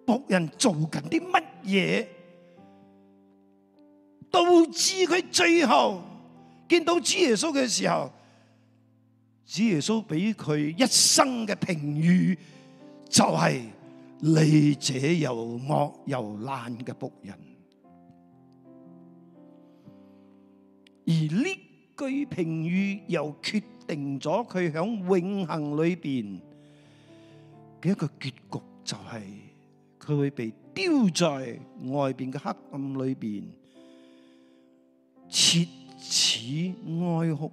D: 僕人做緊啲乜嘢？導致佢最後見到主耶穌嘅時候。主耶穌俾佢一生嘅評語，就係利者又惡又懶嘅僕人，而呢句評語又決定咗佢響永恒裏邊嘅一個結局，就係佢會被丟在外邊嘅黑暗裏邊，切齒哀哭。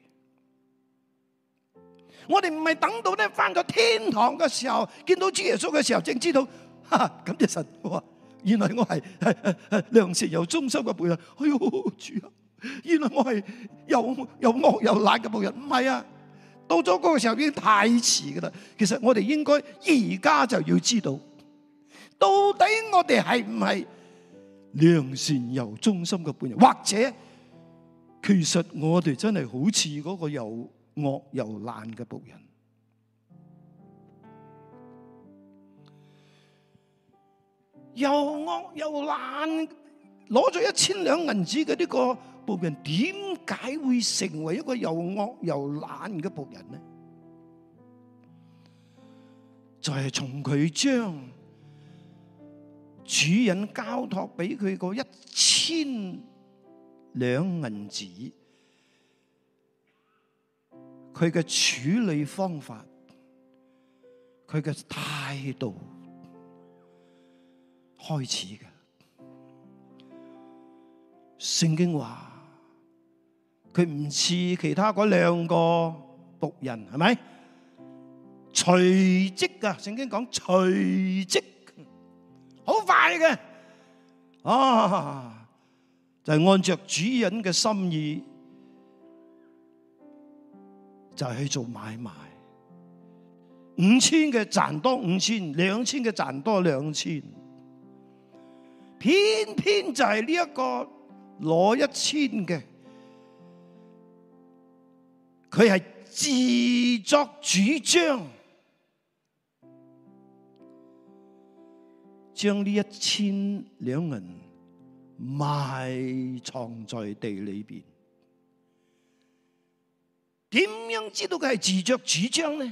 D: 我哋唔係等到咧翻咗天堂嘅時候，見到主耶穌嘅時候，正知道哈，哈，咁其實，我原來我係良善又忠心嘅僕人。哎呦，主啊，原來我係又又惡又懶嘅僕人。唔係啊，到咗嗰個時候已經太遲噶啦。其實我哋應該而家就要知道，到底我哋係唔係良善又忠心嘅僕人，或者其實我哋真係好似嗰個又。惡又懶嘅僕人，又惡又懶，攞咗一千兩銀子嘅呢個僕人，點解會成為一個又惡又懶嘅僕人呢？就係、是、從佢將主人交託俾佢個一千兩銀子。佢嘅處理方法，佢嘅態度，開始嘅。聖經話佢唔似其他嗰兩個僕人，係咪？隨即噶，聖經講隨即，好快嘅。哦、啊，就係、是、按照主人嘅心意。就去做買賣，五千嘅賺多五千，兩千嘅賺多兩千，偏偏就係呢一個攞一千嘅，佢係自作主張，將呢一千兩銀埋藏在地裏邊。點樣知道佢係自作主張呢？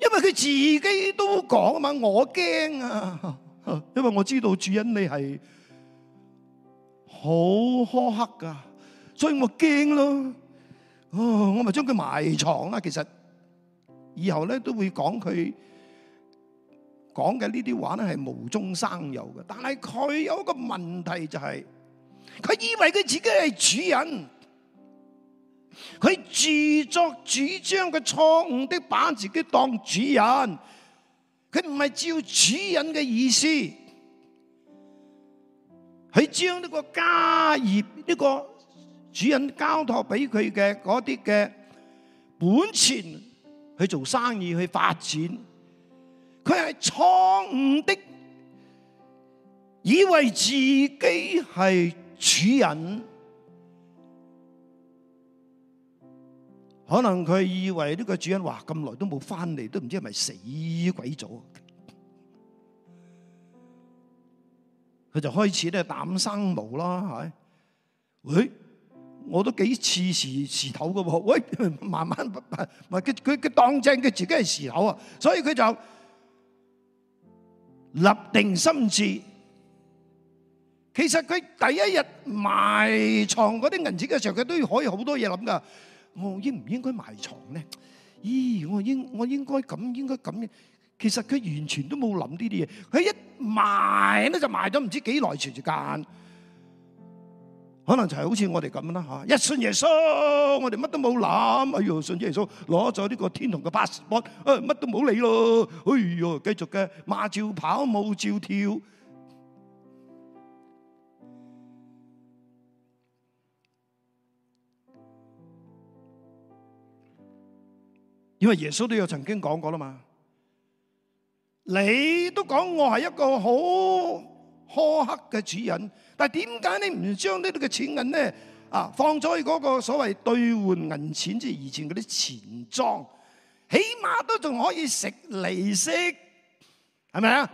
D: 因為佢自己都講啊嘛，我驚啊，因為我知道主人你係好苛刻噶，所以我驚咯。哦，我咪將佢埋藏啦。其實以後咧都會講佢講嘅呢啲話咧係無中生有嘅。但係佢有一個問題就係、是，佢以為佢自己係主人。佢自作主張，佢錯誤的把自己當主人，佢唔係照主人嘅意思，佢將呢個家業呢個主人交託俾佢嘅嗰啲嘅本錢去做生意去發展，佢係錯誤的以為自己係主人。可能佢以為呢個主人話咁耐都冇翻嚟，都唔知係咪死鬼咗，佢就開始咧膽生毛啦，係？喂、哎，我都幾似是事頭噶喂、哎，慢慢唔係佢佢佢當正佢自己係事頭啊，所以佢就立定心志。其實佢第一日埋藏嗰啲銀紙嘅時候，佢都可以好多嘢諗噶。我應唔應該埋藏呢？咦，我應我應該咁，應該咁嘅。其實佢完全都冇諗呢啲嘢，佢一埋咧就埋咗唔知幾耐全時間。可能就係好似我哋咁啦吓，一信耶穌，我哋乜都冇諗。哎喲，信耶穌，攞咗呢個天堂嘅 passport，誒，乜都冇理咯。哎喲，繼續嘅馬照跑，舞照跳。因為耶穌都有曾經講過啦嘛，你都講我係一個好苛刻嘅主人，但係點解你唔將呢啲嘅錢銀咧啊放咗去嗰個所謂兌換銀錢，即係以前嗰啲錢莊，起碼都仲可以食利息，係咪啊？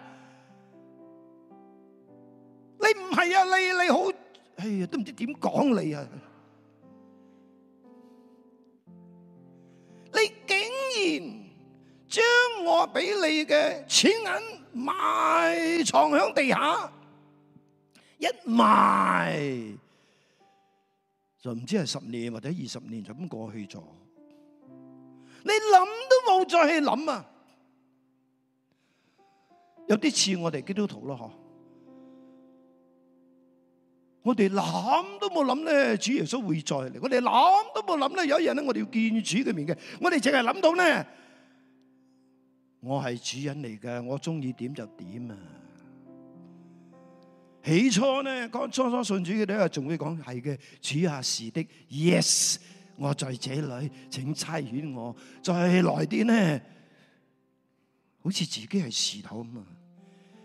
D: 你唔係啊，你你好，哎呀，都唔知點講你啊！你竟然將我俾你嘅錢銀埋藏喺地下，一埋就唔知係十年或者二十年就咁過去咗，你諗都冇再去諗啊！有啲似我哋基督徒咯，嗬。我哋諗都冇諗咧，主耶穌會再嚟。我哋諗都冇諗咧，有一日咧，我哋要見主嘅面嘅。我哋淨係諗到咧，我係主人嚟嘅，我中意點就點啊！起初咧，剛剛初信主嘅都係仲會講係嘅，主啊，是的，Yes，我在這裏，請差遣我，再來啲咧，好似自己係事頭啊！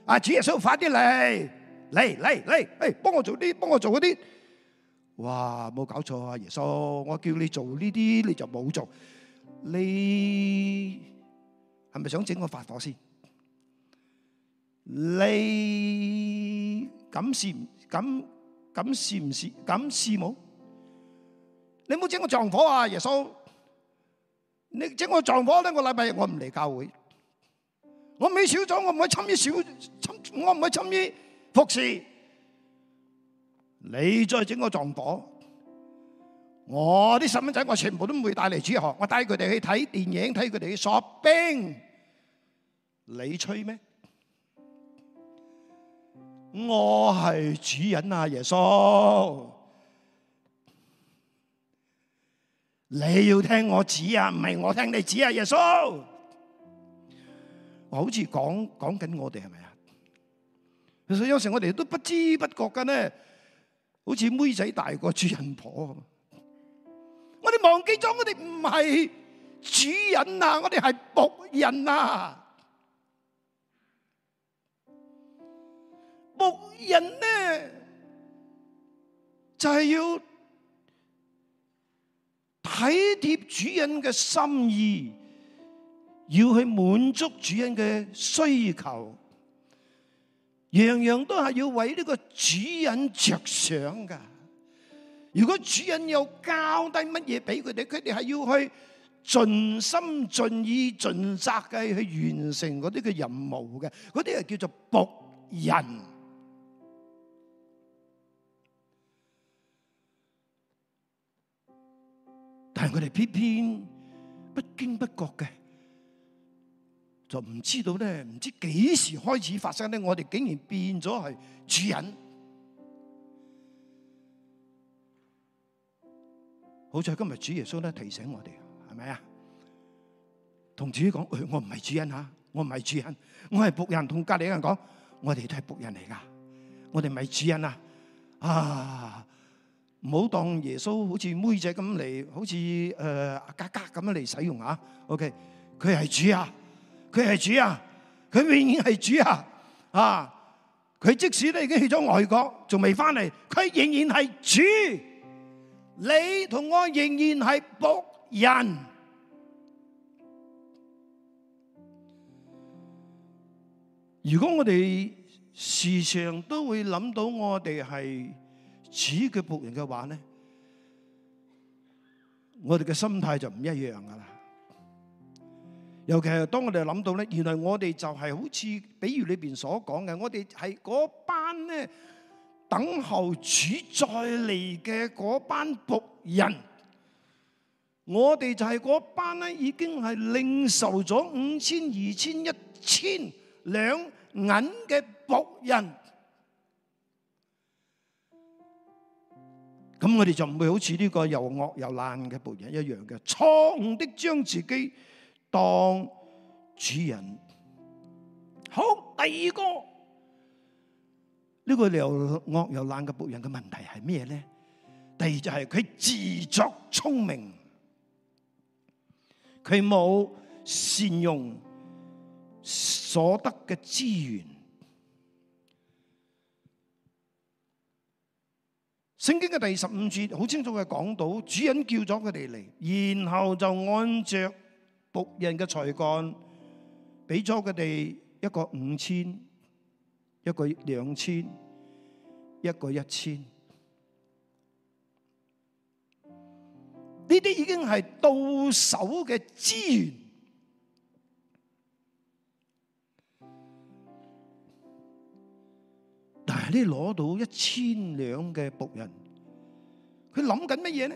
D: 阿主耶穌快啲嚟。嚟嚟嚟，哎，幫我做啲，幫我做嗰啲。哇，冇搞錯啊，耶穌，我叫你做呢啲，你就冇做。你係咪想整我發火先？你敢試唔敢敢試唔試敢試冇？你冇整我撞火啊，耶穌。你整我撞火咧，我禮拜日我唔嚟教會。我未少咗，我唔可以參于少參，我唔可以參于。服侍你再整個撞果，我啲細蚊仔我全部都唔會帶嚟主學，我帶佢哋去睇電影，睇佢哋去索冰，你吹咩？我係主人啊，耶穌，你要聽我指啊，唔係我聽你指啊，耶穌，好似講講緊我哋係咪啊？所以有時我哋都不知不覺嘅咧，好似妹仔大過主人婆。我哋忘記咗我哋唔係主人啊，我哋係僕人啊。僕人咧就係要體貼主人嘅心意，要去滿足主人嘅需求。樣樣都係要為呢個主人着想噶。如果主人有交低乜嘢俾佢哋，佢哋係要去盡心盡意盡責嘅去完成嗰啲嘅任務嘅，嗰啲係叫做僕人。但係佢哋偏偏不經不覺嘅。就唔知道咧，唔知幾時開始發生咧，我哋竟然變咗係主人。好彩今日主耶穌咧提醒我哋，係咪啊？同主講，哎，我唔係主人吓，我唔係主人，我係僕人。同隔籬人講，我哋都係僕人嚟噶，我哋唔係主人啊！啊，唔好當耶穌好似妹仔咁嚟，好似誒阿格格咁樣嚟使用吓，啊。OK，佢係主啊。佢係主啊，佢永遠係主啊，啊！佢即使都已經去咗外國，仲未翻嚟，佢仍然係主。你同我仍然係僕人。如果我哋時常都會諗到我哋係主嘅僕人嘅話咧，我哋嘅心態就唔一樣噶啦。尤其係當我哋諗到咧，原來我哋就係好似，比喻裏邊所講嘅，我哋係嗰班咧，等候主再嚟嘅嗰班僕人，我哋就係嗰班咧，已經係領受咗五千、二千、一千兩銀嘅僕人，咁我哋就唔會好似呢個又惡又爛嘅僕人一樣嘅，錯誤的將自己。當主人好，好第二個呢個又惡又懶嘅僕人嘅問題係咩咧？第二就係佢自作聰明，佢冇善用所得嘅資源。聖經嘅第十五節好清楚嘅講到，主人叫咗佢哋嚟，然後就按着。僕人嘅才幹，俾咗佢哋一個五千，一個兩千，一個一千。呢啲已經係到手嘅資源，但係你攞到一千兩嘅僕人，佢諗緊乜嘢呢？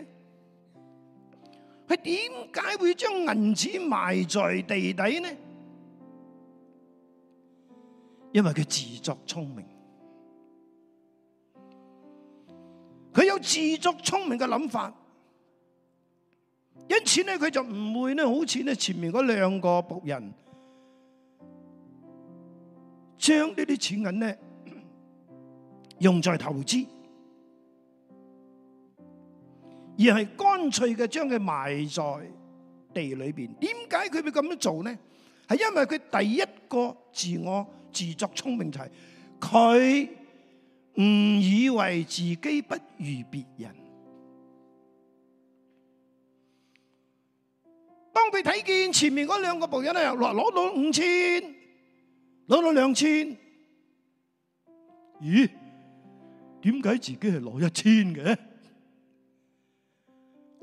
D: 佢點解會將銀紙埋在地底呢？因為佢自作聰明，佢有自作聰明嘅諗法，因此呢佢就唔會呢，好似呢前面嗰兩個僕人，將呢啲錢銀呢用在投資。而係乾脆嘅將佢埋在地裏邊，點解佢會咁樣做呢？係因為佢第一個自我自作聰明就係佢唔以為自己不如別人。當佢睇見前面嗰兩個僕人咧，話攞到五千，攞到兩千，咦？點解自己係攞一千嘅？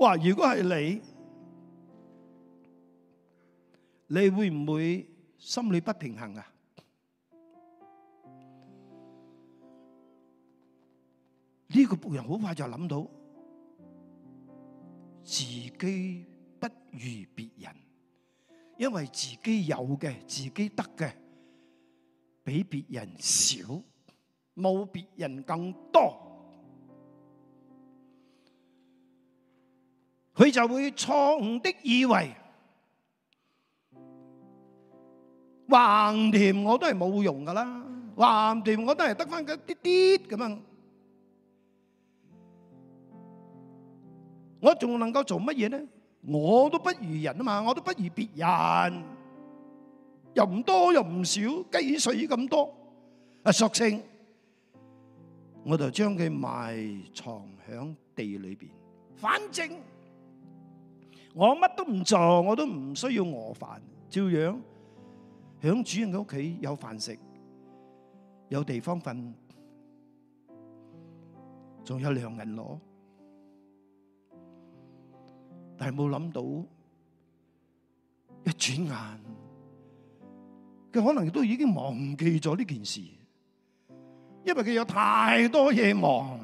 D: 話如果係你，你會唔會心裏不平衡啊？呢、這個僕人好快就諗到自己不如別人，因為自己有嘅、自己得嘅，比別人少，冇別人更多。佢就會錯誤的以為橫掂我都係冇用㗎啦，橫掂我都係得返嗰啲啲咁樣，我仲能夠做乜嘢呢？我都不如人啊嘛，我都不如別人，又唔多又唔少，雞碎咁多啊！索性我就將佢埋藏喺地裏邊，反正。我乜都唔做，我都唔需要餓飯，照樣響主人嘅屋企有飯食，有地方瞓，仲有兩銀攞。但係冇諗到，一轉眼，佢可能都已經忘記咗呢件事，因為佢有太多嘢忙，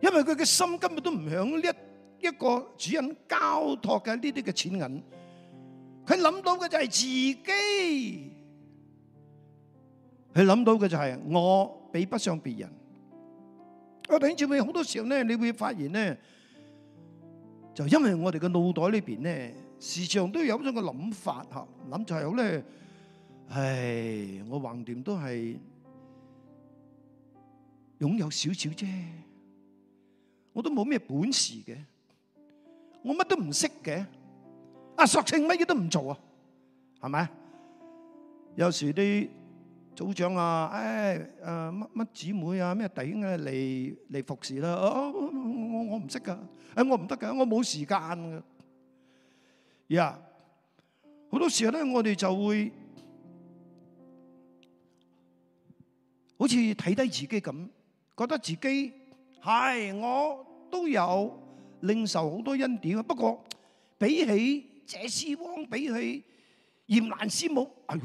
D: 因為佢嘅心根本都唔響呢一。一個主人交託嘅呢啲嘅錢銀，佢諗到嘅就係自己，佢諗到嘅就係我比不上別人。我頂住，你好多時候咧，你會發現咧，就因為我哋嘅腦袋裏邊呢邊咧，時常都有一種嘅諗法吓，諗就係好咧，唉，我橫掂都係擁有少少啫，我都冇咩本事嘅。我乜都唔識嘅。啊，索性乜嘢都唔做啊，係咪？有時啲組長啊，誒，誒，乜乜姊妹啊，咩弟兄啊嚟嚟服侍啦，哦，我我唔識噶，誒，我唔得噶，我冇時間嘅。呀，好多時候咧，我哋就會好似睇低自己咁，覺得自己係我都有。領受好多恩典啊！不過比起謝師翁，比起嚴蘭師母，哎呦，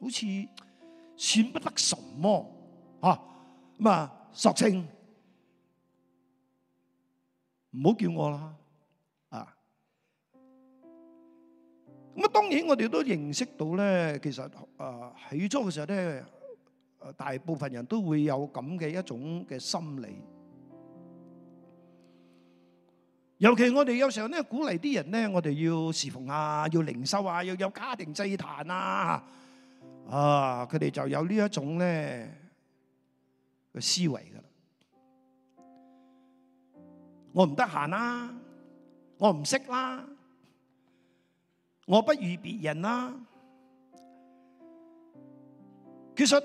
D: 好似算不得什麼吓。咁啊，索性唔好叫我啦啊。咁啊，當然我哋都認識到咧，其實啊，起初嘅時候咧，大部分人都會有咁嘅一種嘅心理。尤其我哋有時候咧，鼓勵啲人咧，我哋要侍奉啊，要靈修啊，要有家庭祭壇啊，啊，佢哋就有呢一種咧個思維噶啦。我唔得閒啦，我唔識啦，我不如別、啊啊、人啦、啊。其實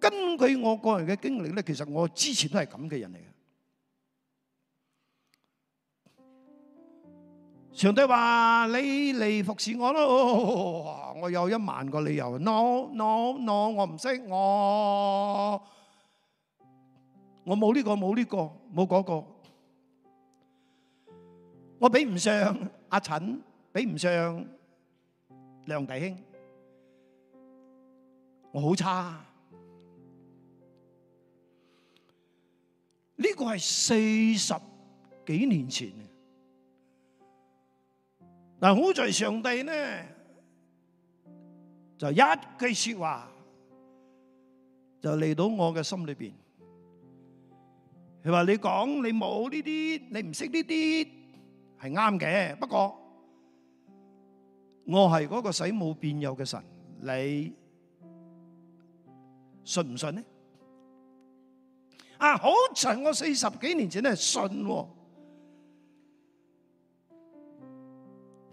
D: 根據我個人嘅經歷咧，其實我之前都係咁嘅人嚟。上帝話：你嚟服侍我咯！我有一萬個理由，no no no，我唔識我，我冇呢個冇呢個冇嗰個，我比唔上阿陳，比唔上梁弟兄，我好差。呢個係四十幾年前。但，好在上帝咧，就一句說話就嚟到我嘅心裏邊。佢話，你講你冇呢啲，你唔識呢啲係啱嘅。不過我係嗰個使冇變有嘅神，你信唔信呢？啊，好在我四十幾年前呢係信。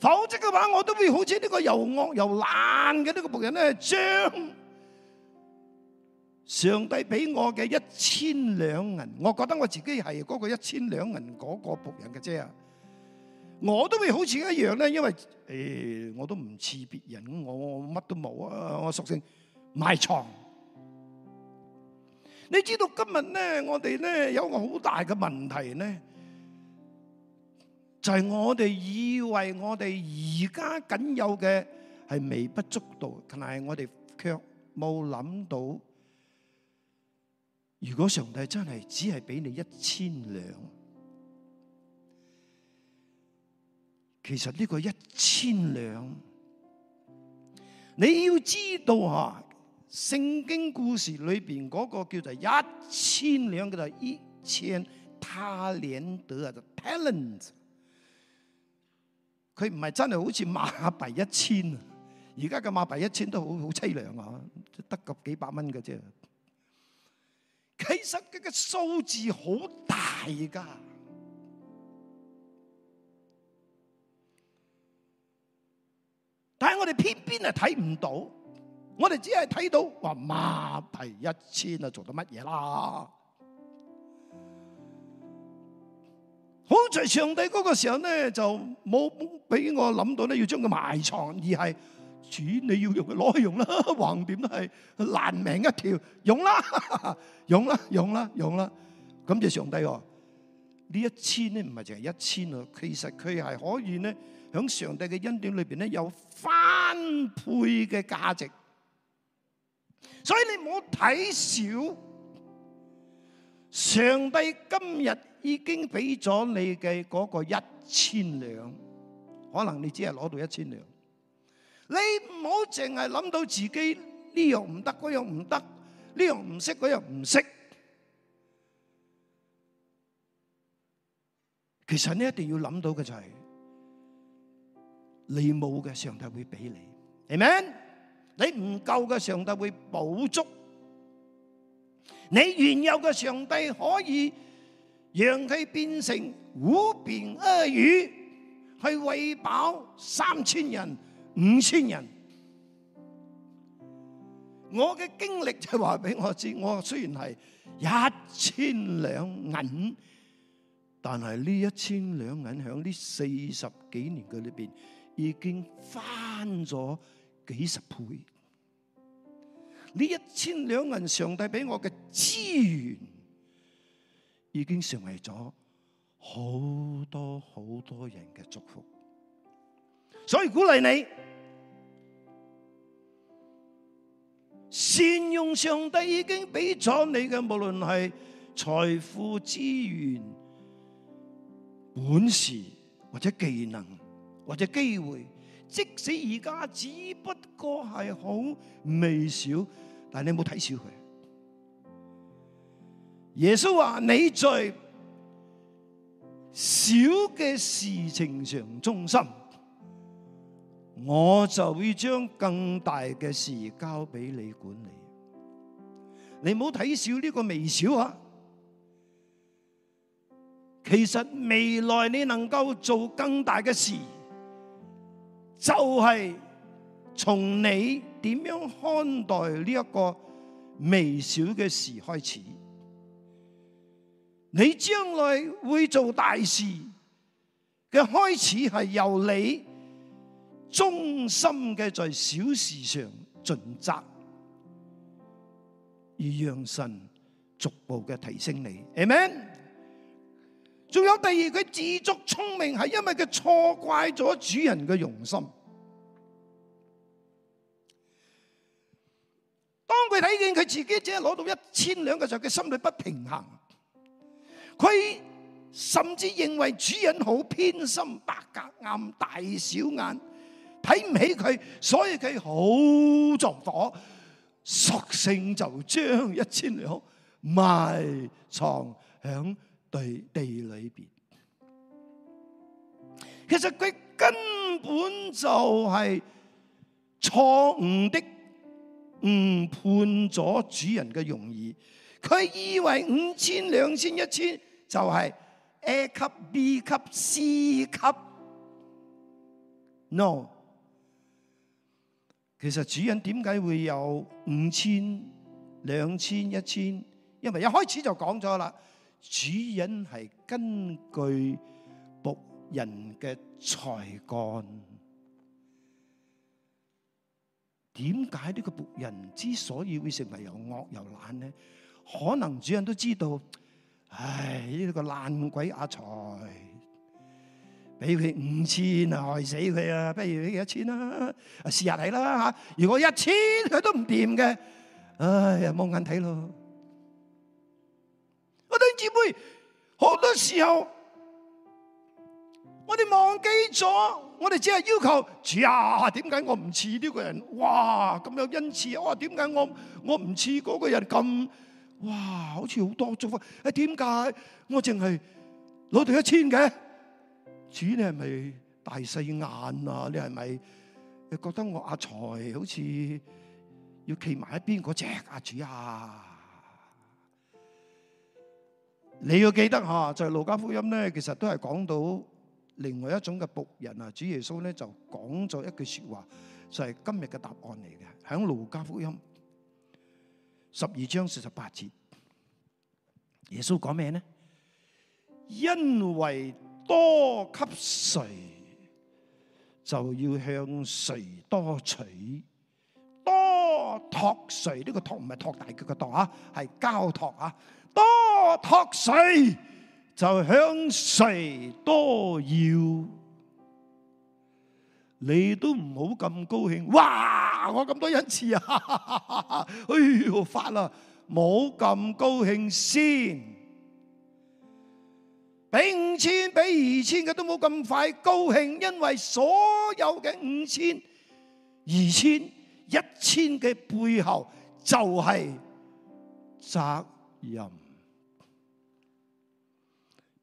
D: 否則嘅話，我都會好似呢個又惡又懶嘅呢個僕人咧，將上帝俾我嘅一千兩銀，我覺得我自己係嗰個一千兩銀嗰個僕人嘅啫。我都會好似一樣咧，因為誒、哎，我都唔似別人，我乜都冇啊，我索性埋藏。你知道今日咧，我哋咧有個好大嘅問題咧。就係我哋以為我哋而家僅有嘅係微不足道，同埋我哋卻冇諗到，如果上帝真係只係俾你一千兩，其實呢個一千兩，你要知道嚇、啊、聖經故事裏邊嗰個叫做一千兩叫做一千他連德啊，就係、talent。佢唔係真係好似馬幣一千，而家嘅馬幣一千都好好淒涼啊！得個幾百蚊嘅啫，其實佢嘅數字好大噶，但係我哋偏偏係睇唔到，我哋只係睇到話馬幣一千啊做到乜嘢啦？好在上帝嗰個時候咧，就冇俾我諗到咧，要將佢埋藏，而係主你要用佢攞去用啦，橫掂都係爛命一條，用啦，用啦，用啦，用啦，噉就上帝喎！呢一千咧唔係淨係一千啊，其實佢係可以咧，喺上帝嘅恩典裏邊咧有翻倍嘅價值，所以你唔好睇少上帝今日。已經俾咗你嘅嗰個一千兩，可能你只係攞到一千兩。你唔好淨係諗到自己呢樣唔得，嗰樣唔得，呢樣唔識，嗰樣唔識。其實你一定要諗到嘅就係，你冇嘅上帝會俾你，Amen？你唔夠嘅上帝會補足，你原有嘅上帝可以。讓佢變成五餅二魚，去餵飽三千人、五千人。我嘅經歷就話俾我知，我雖然係一千兩銀，但係呢一千兩銀喺呢四十幾年嘅裏邊，已經翻咗幾十倍。呢一千兩銀，上帝俾我嘅資源。已經成為咗好多好多人嘅祝福，所以鼓勵你善用上帝已經俾咗你嘅，無論係財富資源、本事或者技能或者機會，即使而家只不過係好微小，但你冇睇小佢。耶穌話：你在小嘅事情上忠心，我就會將更大嘅事交俾你管理。你唔好睇小呢個微小啊！其實未來你能夠做更大嘅事，就係、是、從你點樣看待呢一個微小嘅事開始。你將來會做大事嘅開始係由你忠心嘅，在小事上盡責，而讓神逐步嘅提升你。Amen。仲有第二，佢自作聰明係因為佢錯怪咗主人嘅用心。當佢睇見佢自己只係攞到一千兩嘅時候，佢心裏不平衡。佢甚至認為主人好偏心，白鴿眼、大小眼睇唔起佢，所以佢好作火，索性就將一千兩埋藏喺地地裏邊。其實佢根本就係錯誤的誤判咗主人嘅用意。佢以為五千、兩千、一千。就係 A 級、B 級、C 級，no。其實主人點解會有五千、兩千、一千？因為一開始就講咗啦，主人係根據僕人嘅才幹。點解呢個僕人之所以會成為又惡又懶呢？可能主人都知道。唉！呢個爛鬼阿財，俾佢五千啊，害死佢啊！不如俾佢一千啦，試下睇啦吓。如果一千佢都唔掂嘅，唉呀，冇眼睇咯。我哋姊妹好多時候，我哋忘記咗，我哋只係要求主啊！點解我唔似呢個人？哇！咁有恩賜啊！點解我我唔似嗰個人咁？哇，好似好多祝福，誒，點解我淨係攞到一千嘅？主你係咪大細眼啊？你係咪覺得我阿財好似要企埋一邊嗰隻啊？主啊！你要記得吓，就係路加福音咧，其實都係講到另外一種嘅僕人啊。主耶穌咧就講咗一句說話，就係今日嘅答案嚟嘅，喺路加福音。十二章四十八節，耶穌講咩呢？因為多給誰，就要向誰多取；多託誰，呢個託唔係托大腳嘅托啊，係交託啊。多託誰，就向誰多要。你都唔好咁高興，哇！我咁多恩賜啊，哎呦，發啦！冇咁高興先，俾五千、俾二千嘅都冇咁快高興，因為所有嘅五千、二千、一千嘅背後就係責任。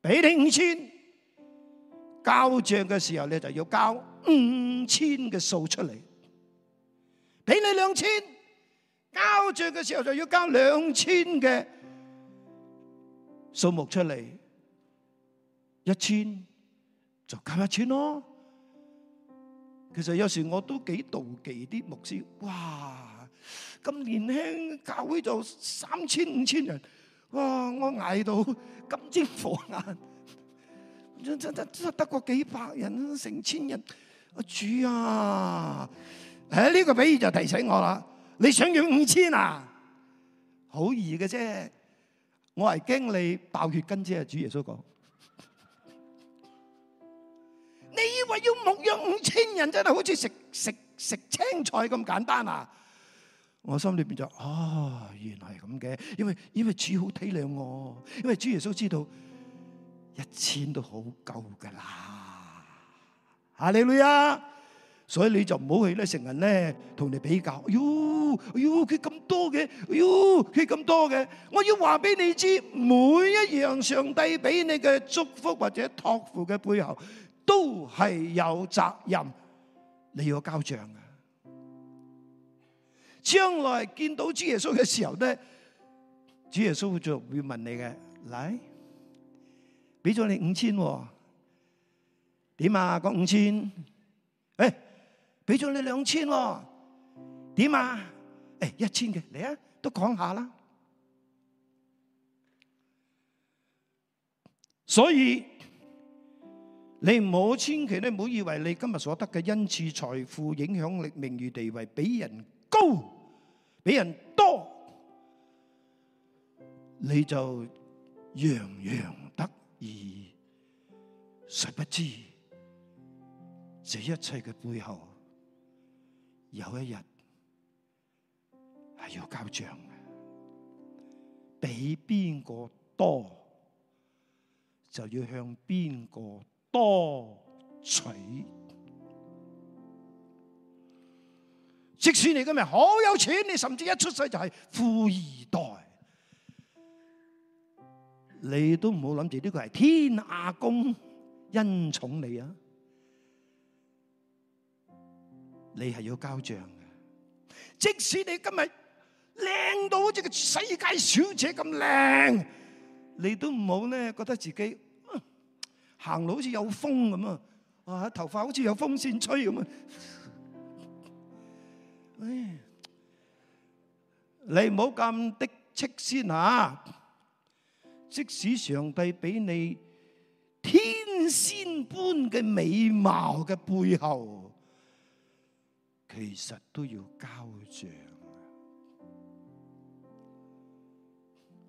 D: 俾你五千，交帳嘅時候你就要交。五千嘅數出嚟，俾你兩千，交賬嘅時候就要交兩千嘅數目出嚟，一千就交一千咯。其實有時我都幾妒忌啲牧師，哇，咁年輕教會就三千五千人，哇我嗌到金睛火眼，真真真得過幾百人，成千人。主啊，誒、這、呢個比喻就提醒我啦，你想要五千啊，好易嘅啫。我係驚你爆血筋啫，主耶穌講。
B: 你
D: 以為要牧養五千人真係好似食食食青菜咁簡單啊？我心裏邊就哦，原來係咁嘅，因為因為主好體諒我、啊，因為主耶穌知道一千都好夠噶啦。吓你女啊！里里所以你就唔好去咧，成日咧同你比較。喲、哎，喲、哎，佢咁多嘅，喲、哎，佢咁多嘅。我要話俾你知，每一樣上帝俾你嘅祝福或者託付嘅背後，都係有責任你要交賬啊！將來見到主耶穌嘅時候咧，主耶穌會就會問你嘅，嚟，俾咗你五千，哦。點啊，講五千，誒，俾咗你兩千，點啊？誒，一千嘅，嚟啊，都講下啦。所以你唔好千祈咧，唔好以為你今日所得嘅恩賜、財富、影響力、名譽、地位，比人高，比人多，你就洋洋得意，殊不知。這一切嘅背後，有一日係要交賬嘅，畀邊個多，就要向邊個多取。即使你今日好有錢，你甚至一出世就係富二代，你都唔好諗住呢個係天阿公恩寵你啊！你係要交賬嘅，即使你今日靚到好似個世界小姐咁靚，你都唔好咧覺得自己行路好似有風咁啊！啊，頭髮好似有風扇吹咁啊！唉，你唔好咁的斥先啊！即使上帝俾你天仙般嘅美貌嘅背後。其實都要交賬，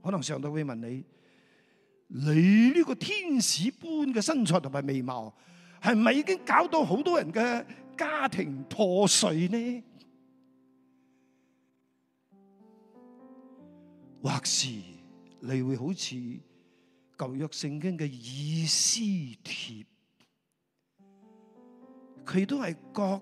D: 可能上帝會問你，你呢個天使般嘅身材同埋美貌，係咪已經搞到好多人嘅家庭破碎呢？或是你會好似舊約聖經嘅以斯帖，佢都係各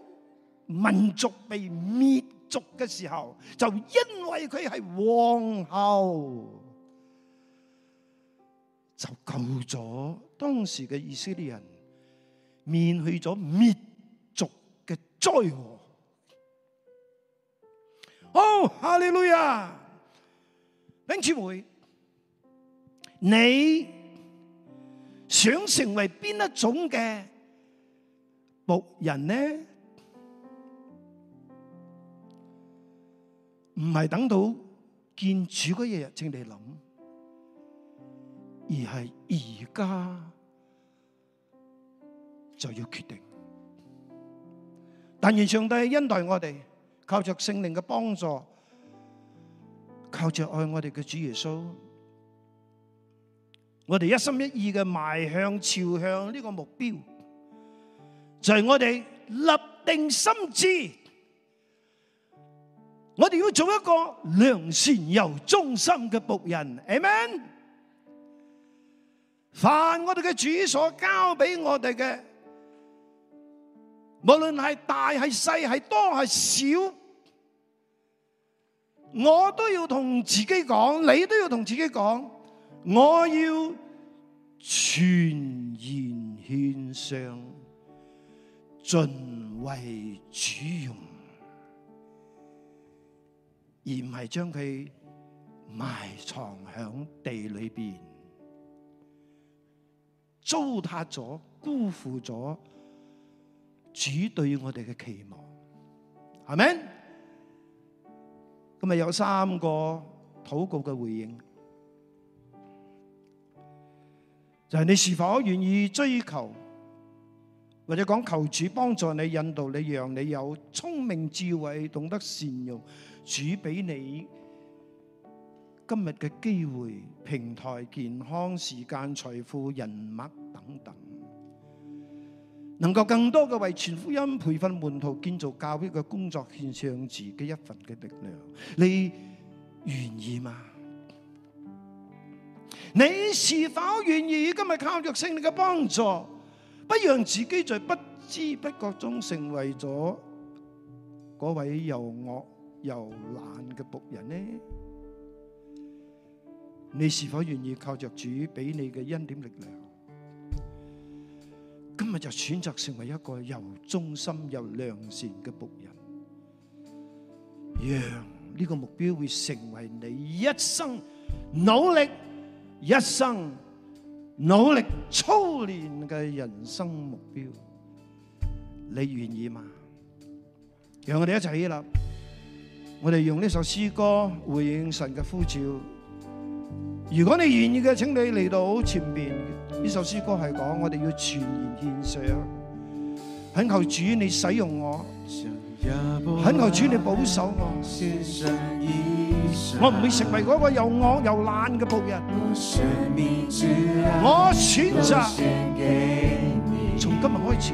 D: 民族被滅族嘅時候，就因為佢係皇后，就救咗當時嘅以色列人，免去咗滅族嘅災禍。哦，哈利路亞！領事會，你想成為邊一種嘅僕人呢？唔係等到見主嗰一日，請你諗，而係而家就要決定。但願上帝恩待我哋，靠着聖靈嘅幫助，靠着愛我哋嘅主耶穌，我哋一心一意嘅邁向朝向呢個目標，就係我哋立定心志。我哋要做一個良善又忠心嘅僕人，Amen。凡我哋嘅主所交俾我哋嘅，無論係大係細係多係少，我都要同自己講，你都要同自己講，我要全然獻上，盡為主用。而唔係將佢埋藏響地裏邊，糟蹋咗，辜負咗主對我哋嘅期望，係咪？咁啊有三個禱告嘅回應，就係、是、你是否願意追求，或者講求主幫助你引導你，讓你有聰明智慧，懂得善用。主俾你今日嘅機會、平台、健康、時間、財富、人脈等等，能夠更多嘅為全福音培訓門徒、建造教會嘅工作獻上自己一份嘅力量，你願意嗎？你是否願意今日靠着聖靈嘅幫助，不讓自己在不知不覺中成為咗嗰位又惡又懶嘅僕人呢？你是否願意靠着主俾你嘅恩典力量？今日就選擇成為一個又忠心又良善嘅僕人，
B: 讓
D: 呢個目標會成為你一生努力、一生努力操練嘅人生目標。你願意嗎？讓我哋一齊起，起立。我哋用呢首詩歌回應神嘅呼召。如果你願意嘅，請你嚟到前邊。呢首詩歌係講我哋要全然獻上，懇求主你使用我，懇求主你保守我。我唔會成為嗰個又惡又懶嘅僕人。我選擇，從今日開始。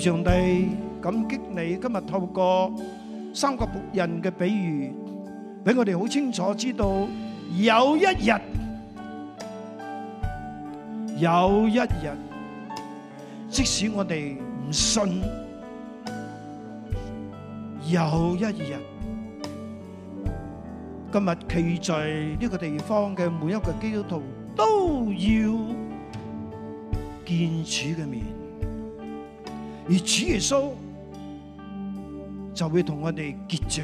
D: 上帝感激你，今日透過三個僕人嘅比喻，俾我哋好清楚知道，有一日，有一日，即使我哋唔信，有一日，今日企在呢個地方嘅每一個基督徒都要見主嘅面。而主耶穌就會同我哋結賬。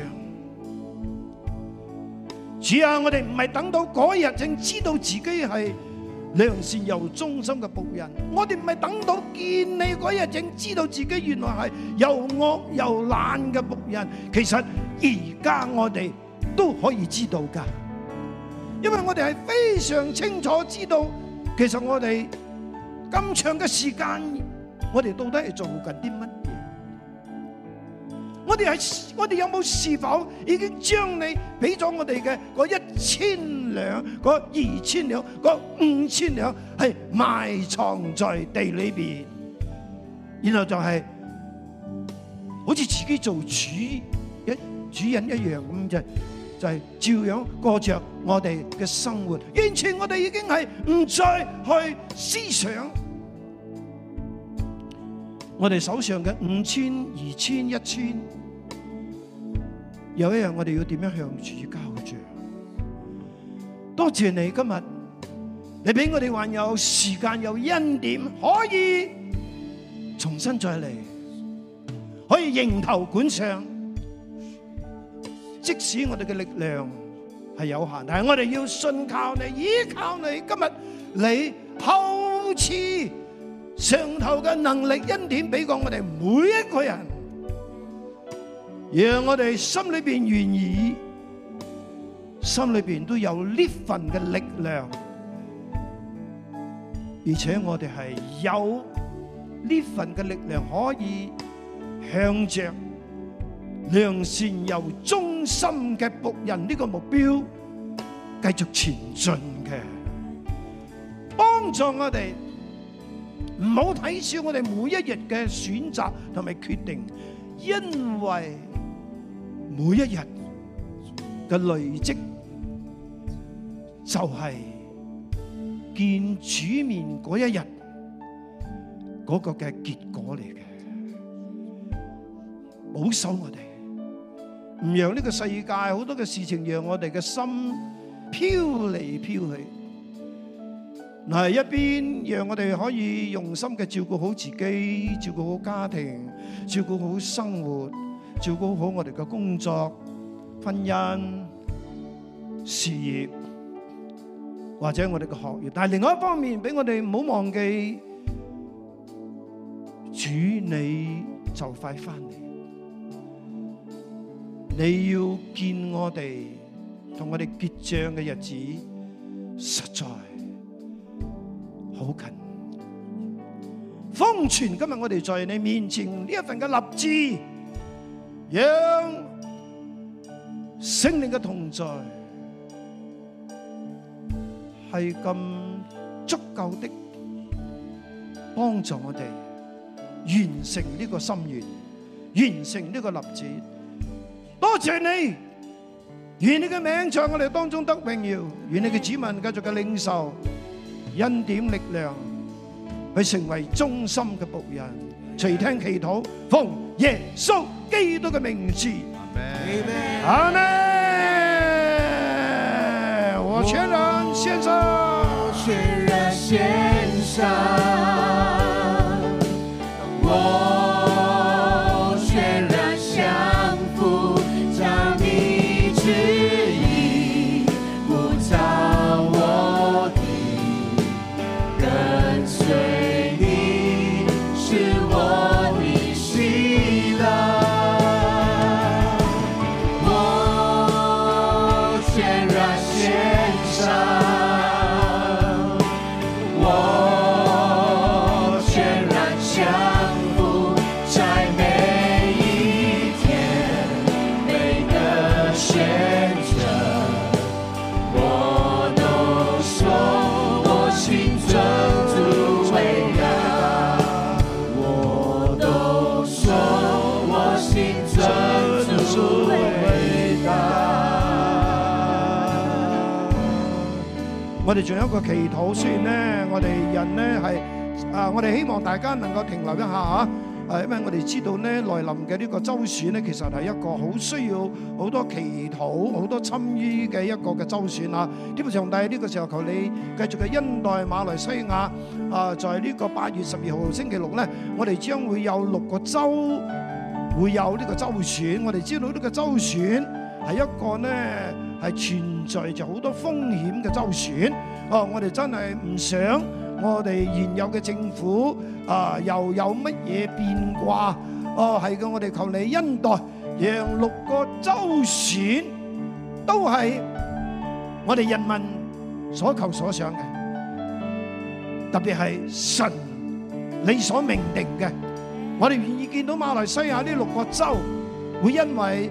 D: 主啊，我哋唔係等到嗰日正知道自己係良善又忠心嘅僕人，我哋唔係等到見你嗰日正知道自己原來係又惡又懶嘅僕人。其實而家我哋都可以知道噶，因為我哋係非常清楚知道，其實我哋咁長嘅時間。我哋到底係做緊啲乜嘢？我哋係我哋有冇是否已經將你俾咗我哋嘅嗰一千兩、嗰二千兩、嗰五千兩係埋藏在地裏邊？然後就係好似自己做主一主人一樣咁就就係照樣過着我哋嘅生活，完全我哋已經係唔再去思想。我哋手上嘅五千、二千、一千，有一日我哋要點樣向主交賬？多謝你今日，你俾我哋還有時間、有恩典，可以重新再嚟，可以迎頭趕上。即使我哋嘅力量係有限，但係我哋要信靠你、依靠你。今日你好似。上頭嘅能力恩典俾過我哋每一個人，讓我哋心裏邊願意，心裏邊都有呢份嘅力量，而且我哋係有呢份嘅力量可以向着良善又忠心嘅僕人呢個目標繼續前進嘅，幫助我哋。唔好睇小我哋每一日嘅選擇同埋決定，因為每一日嘅累積就係見主面嗰一日嗰個嘅結果嚟嘅。保守我哋，唔讓呢個世界好多嘅事情讓我哋嘅心飄嚟飄去。嗱，一邊讓我哋可以用心嘅照顧好自己，照顧好家庭，照顧好生活，照顧好我哋嘅工作、婚姻、事業，或者我哋嘅學業。但係另外一方面，俾我哋唔好忘記，主你就快翻嚟，你要見我哋同我哋結賬嘅日子實在好近，奉存今日我哋在你面前呢一份嘅立志，讓聖靈嘅同在係咁足夠的幫助我哋完成呢個心願，完成呢個立志。多謝你，願你嘅名在我哋當中得榮耀，願你嘅子民繼續嘅領受。恩典力量去成為忠心嘅僕人，隨聽祈禱，奉耶穌基督嘅名字。阿 Amen 我全然獻上。我哋仲有一個祈禱，雖然咧，我哋人咧係啊，我哋希望大家能夠停留一下啊，因為我哋知道咧，來臨嘅呢個州選咧，其實係一個好需要好多祈禱、好多參與嘅一個嘅州選啊。上帝呢個時候求你繼續嘅恩待馬來西亞啊，在呢個八月十二號星期六咧，我哋將會有六個州會有呢個州選，我哋知道呢個州選。係一個咧，係存在咗好多風險嘅州選哦！我哋真係唔想我哋現有嘅政府啊又有乜嘢變卦哦！係嘅，我哋求你恩待，讓六個州選都係我哋人民所求所想嘅，特別係神
B: 你所命定嘅，我哋願意見到馬來西亞呢六個州會因為。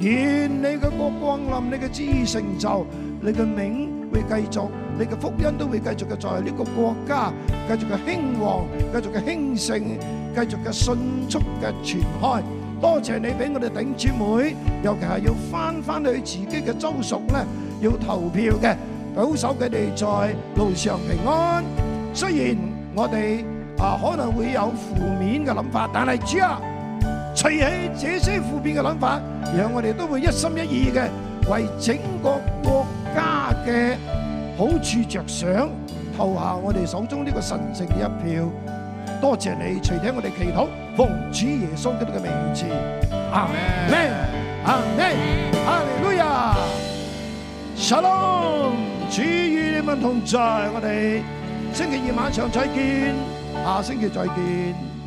D: 願你嘅國光臨，你嘅旨意成就，你嘅名會繼續，你嘅福音都會繼續嘅在呢個國家繼續嘅興旺，繼續嘅興盛，繼續嘅迅速嘅傳開。多謝你俾我哋頂住會，尤其係要翻返去自己嘅州屬咧，要投票嘅，保守佢哋在路上平安。雖然我哋啊可能會有負面嘅諗法，但係只要。除起這些負面嘅諗法，讓我哋都會一心一意嘅為整個國家嘅好處着想，投下我哋手中呢個神聖嘅一票。多謝你，垂聽我哋祈禱，奉主耶穌基督嘅名字，阿門，阿門，哈利路亞，Shalom，主與你們同在，我們。我哋星期二晚上再見，下星期再見。